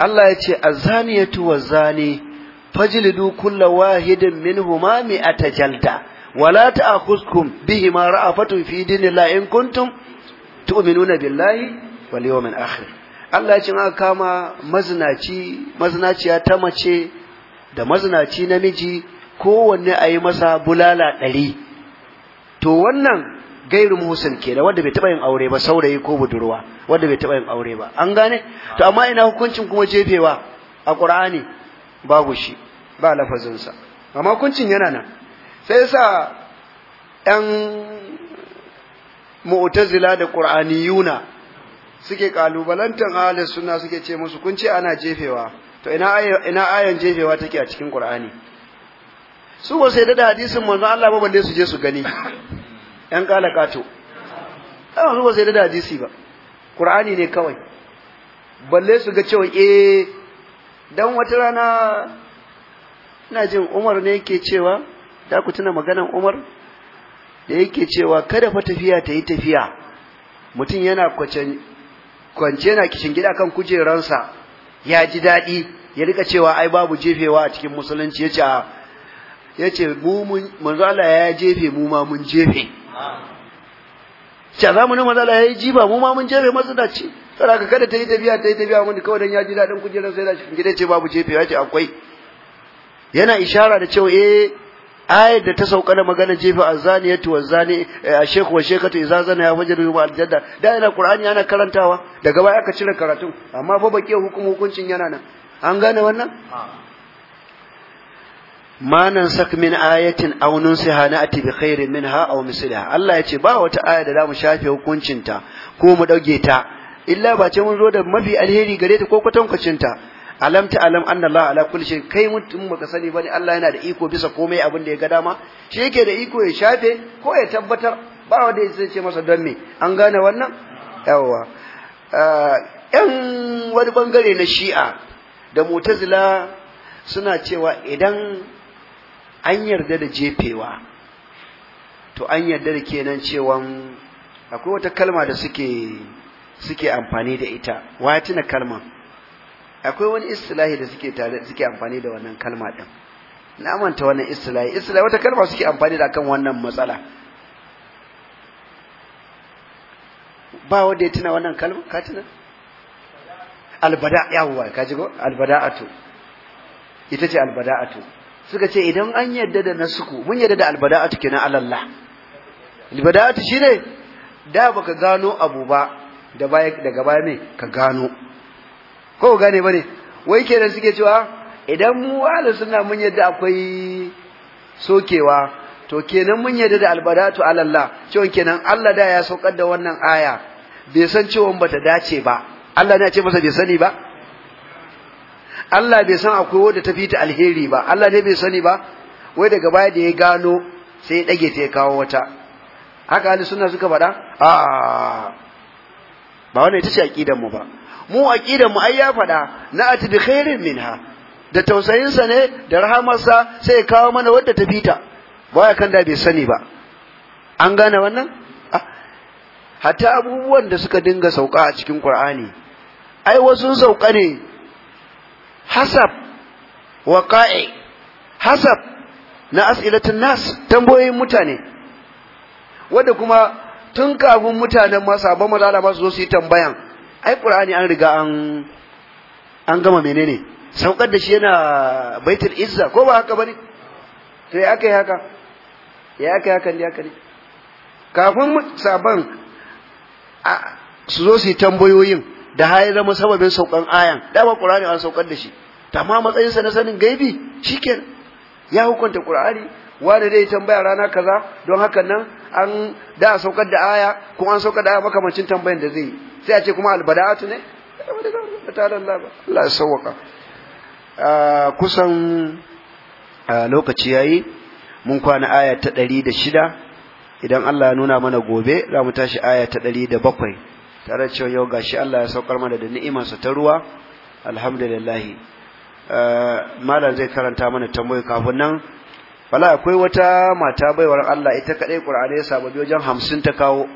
Allah يتي الزانية والزاني فجلدوا كل kulla wahidin مئة جلدة ولا wala بهما رأفة في دين الله in كنتم تؤمنون بالله واليوم Allah ya aka kama ta mace da mazinaci namiji kowanne a masa bulala ɗari to wannan gairu ke kenan wanda bai taba yin aure ba saurayi ko budurwa wanda bai taba yin aure ba an gane to amma ina hukuncin kuma jefewa a qur'ani babu shi ba lafazin sa amma hukuncin yana nan sai sa yan mu'tazila da yuna suke kalubalantan ahli sunna suke ce musu kun ce ana jefewa to ina ina ayan jefewa take a cikin qur'ani su ba sai da hadisin manzo Allah ba balle su je su gani ‘yan ƙala ƙato, ɗan zuwa sai da hadisi ba, ƙur'ani ne kawai, balle su ga cewa e eh, don wata rana ina jin Umar ne yake cewa, da ku tuna maganan Umar, da yake cewa kada fa tafiya ta yi tafiya, mutum yana kwance yana kishin gida kan kujeransa, ya ji daɗi, ya rika cewa ai babu jefewa a cikin musulunci, ya ce, ya ce, mu Allah ya jefe mu ma mun jefe. Sha zamanin mazala ya yi jiba mu ma mun jefe masu dace. ka kada ta yi tafiya ta yi tafiya mun kawai don ya ji daɗin kujerar sai da shi gida ce babu jefe ya ce akwai. Yana ishara da cewa eh ayar da ta sauka da magana jefa azaniyatu wazani eh, a shekhu wa shekatu idza zana ya wajadu yuba aljanna da yana qur'ani ana karantawa daga baya aka cire karatun amma fa baki hukum hukuncin yana nan an gane wannan Manan nan sak min ayatin aw nunsiha na'ti bi khairin minha aw misliha Allah ya ce ba wata aya da zamu shafe hukuncin ta ko mu dauke ta illa ba ce mun zo da mafi alheri gare ta ko kwatankwacin ta alam ta alam anna ala kulli shay kai mutum baka sani bane Allah yana da iko bisa komai abin da ya ga dama shi yake da iko ya shafe ko ya tabbatar ba wanda zai ce masa don me an gane wannan yawa eh, yan wani bangare na shi'a da mutazila suna cewa idan an yarda da jefewa to an yarda da kenan cewan akwai wata kalma da suke suke amfani da ita waya tuna kalma akwai wani istilahi da suke tare suke amfani da wannan kalma din na manta wannan istilahi istilahi wata kalma suke amfani da kan wannan matsala ba wanda ya tuna wannan kalma ka tuna albada yawwa ka ji ko albada'atu ita ce albada'atu suka ce idan an yarda da nasuku mun yarda da albada'atu kenan alallah albada'atu shine da baka gano abu ba da baya daga baya ne ka gano ko gane bane wai kenan suke cewa idan mu wala sunna mun yadda akwai sokewa to kenan mun yarda da albada'atu alallah cewa kenan Allah da ya saukar da wannan aya bai san cewa bata dace ba Allah ne ya ce masa bai sani ba Allah bai san akwai wadda ta fita alheri ba Allah ne bai sani ba wai daga baya da ya gano sai ya dage ta ya kawo wata haka hali sunna suka faɗa a ba wannan ita ce aqidar mu ba mu aqidar mu ai ya faɗa na ati bi khairin minha da tausayin sa ne da rahamarsa sai ya kawo mana wadda ta fita baya kan da bai sani ba an gane wannan ah. hatta abubuwan da suka dinga sauka a cikin Qur'ani ai wasu sauka ne hasab waqa'i hasab na as'ilatin nas tambayoyin mutane wanda kuma tun kafin mutanen ma sabon malala ma su zo su yi tambayan ai qur'ani an riga an an gama menene saukar da shi yana baitul izza ko ba haka bane to ya kai haka ya kai haka ne haka ne kafin sabon su zo su yi tambayoyin da har zama sababin saukan ayan dama qur'ani an saukar da shi Tama matsayin sa na sanin gaibi shikenan ya hukunta qur'ani wanda dai tambaya rana kaza don haka nan an da saukar da aya ko an saukar da aya makamancin tambayan da zai sai a ce kuma albada'atu ne Allah ya sauwaka ah, kusan ah, lokaci yayi mun kwana aya ta 106 idan Allah ya nuna mana gobe za mu tashi aya ta 107 tare da cewa yau gashi Allah ya saukar mana da ni'imarsa ta ruwa alhamdulillah eh, malam zai karanta mana tambayoyi kafin nan wala akwai wata mata baiwar Allah ita kadai Qur'ani ya saba wajen 50 ta kawo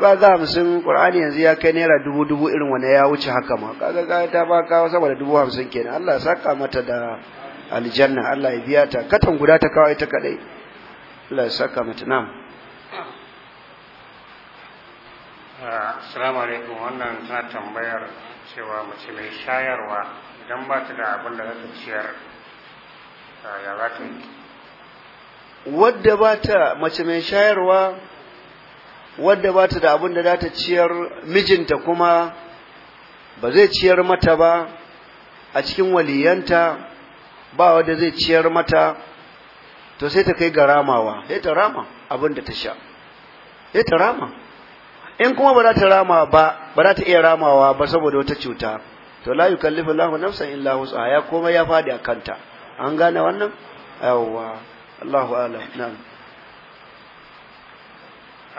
kaga hamsin Qur'ani yanzu ya kai naira dubu dubu irin wanda ya wuce haka ma kaga ta ba kawo saboda dubu hamsin kenan Allah saka mata da aljanna Allah ya biya ta katan guda ta kawo ita kadai Allah ya saka mata na'am Assalamu alaikum wannan tana tambayar cewa mace mai shayarwa idan ba ta da abin da za ta ciyar ya za ta yi. Wadda ba ta mace mai shayarwa wadda ba ta da abin da za ta ciyar mijinta kuma ba zai ciyar mata ba a cikin waliyanta ba wadda zai ciyar mata to sai ta kai ga ramawa sai ta rama abin da ta sha sai ta rama in kuma ba za ta rama ba ba za ta iya ramawa ba saboda wata cuta to la yukallifu Allahu nafsan illa wus'aha ya komai ya fadi a kanta an gane wannan yawwa Allahu a'lam na'am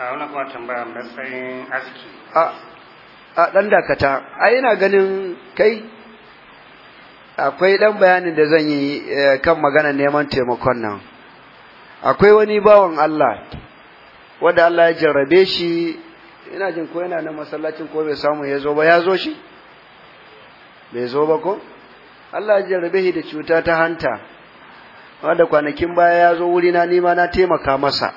a wannan kuma tambaya matsayin aski a a dan dakata ai ina ganin kai akwai dan bayanin da zan yi eh, kan magana neman taimakon nan akwai wani bawan Allah wanda Allah ya jarrabe shi ina jin ko yana nan masallacin ko bai samu ya zo ba ya zo shi bai zo ba ko Allah ya jarrabe shi da cuta ta hanta wanda kwanakin baya ya zo wuri na nima na taimaka masa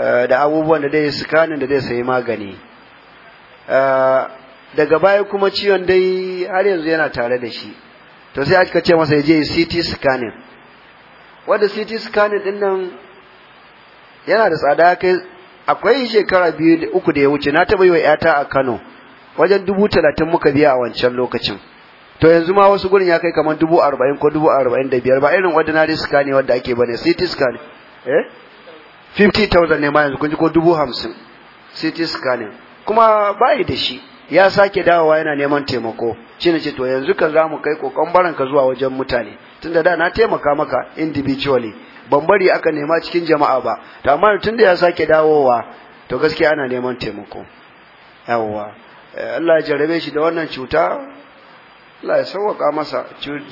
eh, da abubuwan da dai sukanin da dai sayi magani eh, daga baya kuma ciwon dai har yanzu yana tare da shi to sai aka ce masa ya je CT scanning wanda CT scanning din nan yana da tsada kai akwai shekara biyu da uku da ya wuce na taɓa yi wa ‘yata a Kano wajen dubu talatin muka biya a wancan lokacin. To yanzu ma wasu gurin ya kai kamar dubu arba'in ko dubu arba'in da biyar ba irin ordinary scan ne wanda ake bane city scan eh fifty thousand ne ma yanzu kun ji ko dubu hamsin city scanning kuma bayi da shi ya sake dawowa yana neman taimako shi ne ce to yanzu ka za mu kai kokon ka zuwa wajen mutane tunda da na taimaka maka individually ban bari aka nema cikin jama'a ba to amma tun da ya sake dawowa to gaskiya ana neman taimako yawwa eh, Allah ya jarabe shi da wannan cuta Allah ya sauwaka masa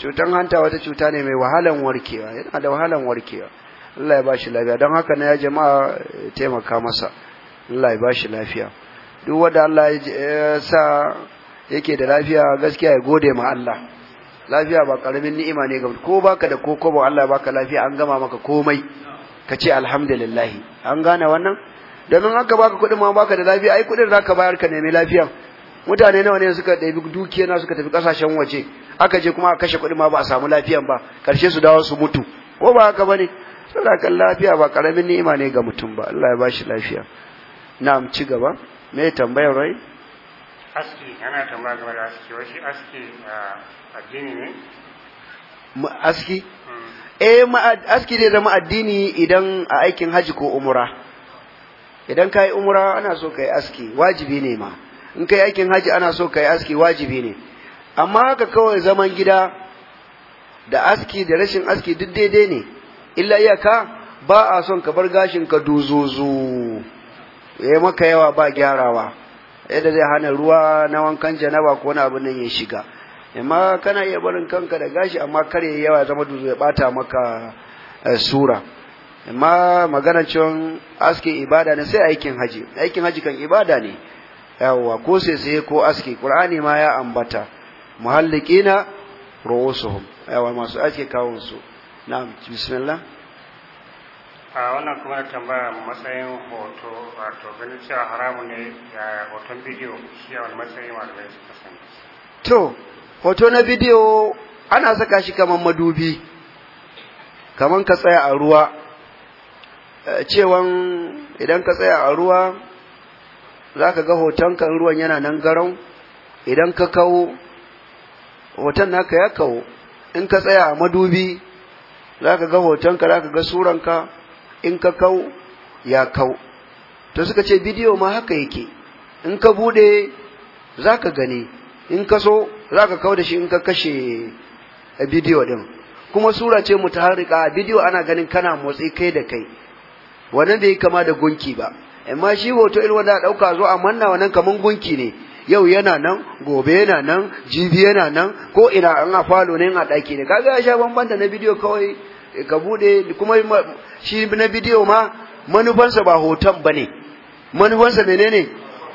cutan hanta wata cuta ne mai wahalan warkewa yana da wahalan warkewa Allah ya bashi lafiya don haka na ya jama'a eh, taimaka masa Allah ya bashi lafiya duk wanda Allah eh, ya sa yake da lafiya gaskiya ya gode ma Allah lafiya ba karamin ni'ima ne ga ko baka da ko kobo Allah ya baka lafiya an gama maka komai ka ce alhamdulillah an gane wannan domin aka baka kuɗin ma baka da lafiya ai kuɗin zaka bayar ka nemi lafiya mutane nawa ne suka ɗabi dukiya na suka tafi kasashen waje aka je kuma a kashe kuɗin ma ba a samu lafiyan ba karshe su dawo su mutu ko ba haka bane saboda kan lafiya ba karamin ni'ima ne ga mutum ba Allah ya bashi lafiya na'am ci gaba me tambayar rai aski ana tambaya game da aski wai shi aski ah, addini ne aski hmm. eh aski dai zama addini idan a aikin haji ko umura idan kai umura ana so kai aski wajibi ne ma in kai aikin haji ana so kai aski wajibi ne amma haka kawai zaman gida da aski da rashin aski duk daidai ne illa iyaka ba a son ka bar gashin ka duzuzu ya maka yawa ba gyarawa yadda zai hana ruwa na wankan janaba ko wani abin nan ya shiga amma kana iya barin kanka da gashi amma kar yawa zama duzu ya bata maka eh, sura amma magana cewa aski ibada ne sai aikin haji aikin haji kan ibada ne yawa ko sai sai ko aski qur'ani ma ya ambata muhallikina ru'usuhum yawa masu aski kawun su na'am bismillah a wannan kuma tambaya matsayin hoto wato ganin cewa haramu ne ya hoton bidiyo shi a wani matsayin malamai suka sani to hoto na bidiyo ana saka shi kaman madubi kaman ka tsaya a ruwa eh, cewan idan ka tsaya a ruwa za ka ga hotonka ruwan yana nan garau idan ka kawo hoton naka ya kawo in ka tsaya a madubi za ka ga hotonka za ka ga suranka in ka kawo ya kawo to suka ce bidiyo ma haka yake in ka bude za ka gani in ka so za ka kawo da shi in ka kashe bidiyo ɗin kuma sura ce taharika a bidiyo ana ganin kana motsi kai da kai wannan bai kama da gunki ba amma shi hoto irin wanda ɗauka zo a manna wannan kaman gunki ne yau yana nan gobe yana nan jibi yana nan ko ina an a falo ne a ɗaki ne kaga ya sha da na bidiyo kawai ka bude kuma shi na bidiyo ma manufansa ba hoton ba ne manufansa menene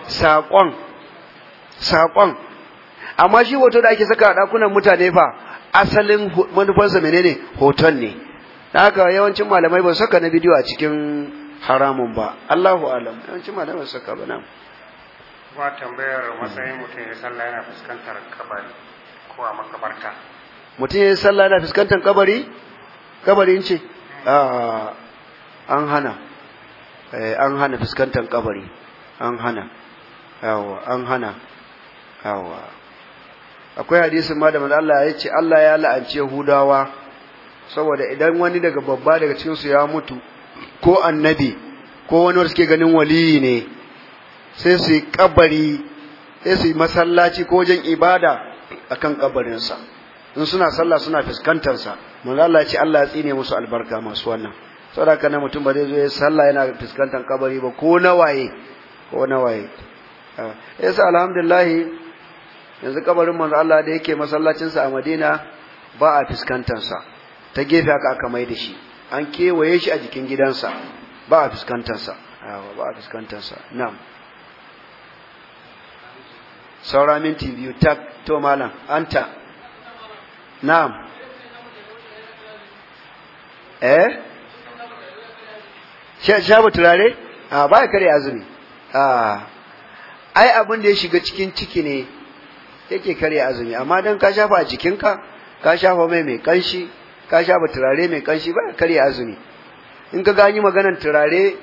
saƙon saƙon amma shi hoto da ake saka a ɗakunan mutane fa asalin manufarsa menene hoton ne haka yawancin malamai ba su saka na bidiyo a cikin haramun ba Allahu alam yawancin malamai saka ba nan ba tambayar matsayin mutum ya sallah yana fuskantar kabari ko a makabarta mutum ya sallah yana fuskantar kabari kabarin ce an hana eh, an hana fuskantar kabari an hana yawa an hana yawa akwai hadisin ma da manzo Allah ya ce Allah ya la'anci Yahudawa saboda idan wani daga babba daga cikin su ya mutu ko annabi ko wani wanda suke ganin waliyi ne sai su yi kabari sai su yi masallaci ko wajen ibada akan kabarin sa in suna sallah suna fuskantar sa manzo Allah ya ce Allah ya tsine musu albarka masu wannan saboda kana mutum ba zai zo ya sallah yana fuskantar kabari ba ko nawaye ko nawaye ah, sai alhamdulillah yanzu kabarin manzo Allah da yake masallacin sa a Madina ba a fuskantar sa ta gefe haka aka mai da shi an kewaye shi a jikin gidansa ba a fuskantar sa ba a fuskantar sa na'am saura minti biyu tak to malam anta na'am eh shabu turare a ah, ba ya kare azumi a ah. ai abin da ya shiga cikin ciki ne yake karya azumi amma dan ka shafa a jikinka ka shafa mai mai kanshi ka shafa turare mai kanshi ba karya azumi in ka gani maganan turare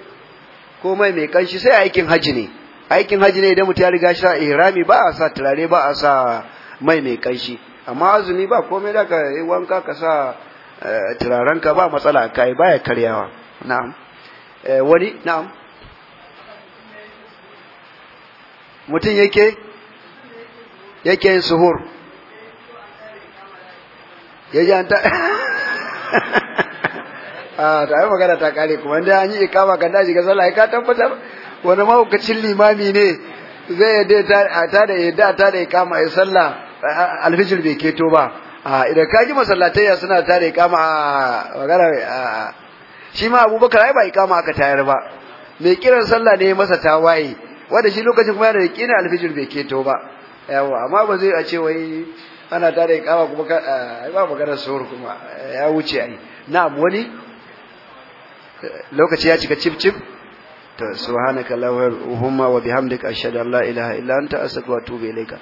ko mai mai kanshi sai aikin haji ne aikin haji ne idan mutum ya riga sha ihrami ba a sa turare ba a sa mai mai kanshi amma azumi ba komai da ka yi wanka ka sa eh, turarenka ba matsala yi baya karyawa na'am eh, wani na'am mutum yake yake yin suhur ya ji an ta a ta yi magana ta kare kuma da an yi ikama kan daji ga sallah ka tabbatar wani mahaukacin limami ne zai yadda a ta da yadda ta da ikama ya sallah alfijir bai keto ba a idan ka ji masallatayya suna ta da ikama a magana shi ma abubakar ai ba ikama aka tayar ba mai kiran sallah ne masa tawaye wanda shi lokacin kuma yana da kina alfijir bai keto ba yawa amma ba zai a ce wai ana tare da kama kuma ba maganar suhur kuma ya wuce ai na'am wani lokaci ya cika chip chip to subhanaka allahumma wa bihamdika ashhadu an la ilaha illa anta astaghfiruka wa atubu ilayka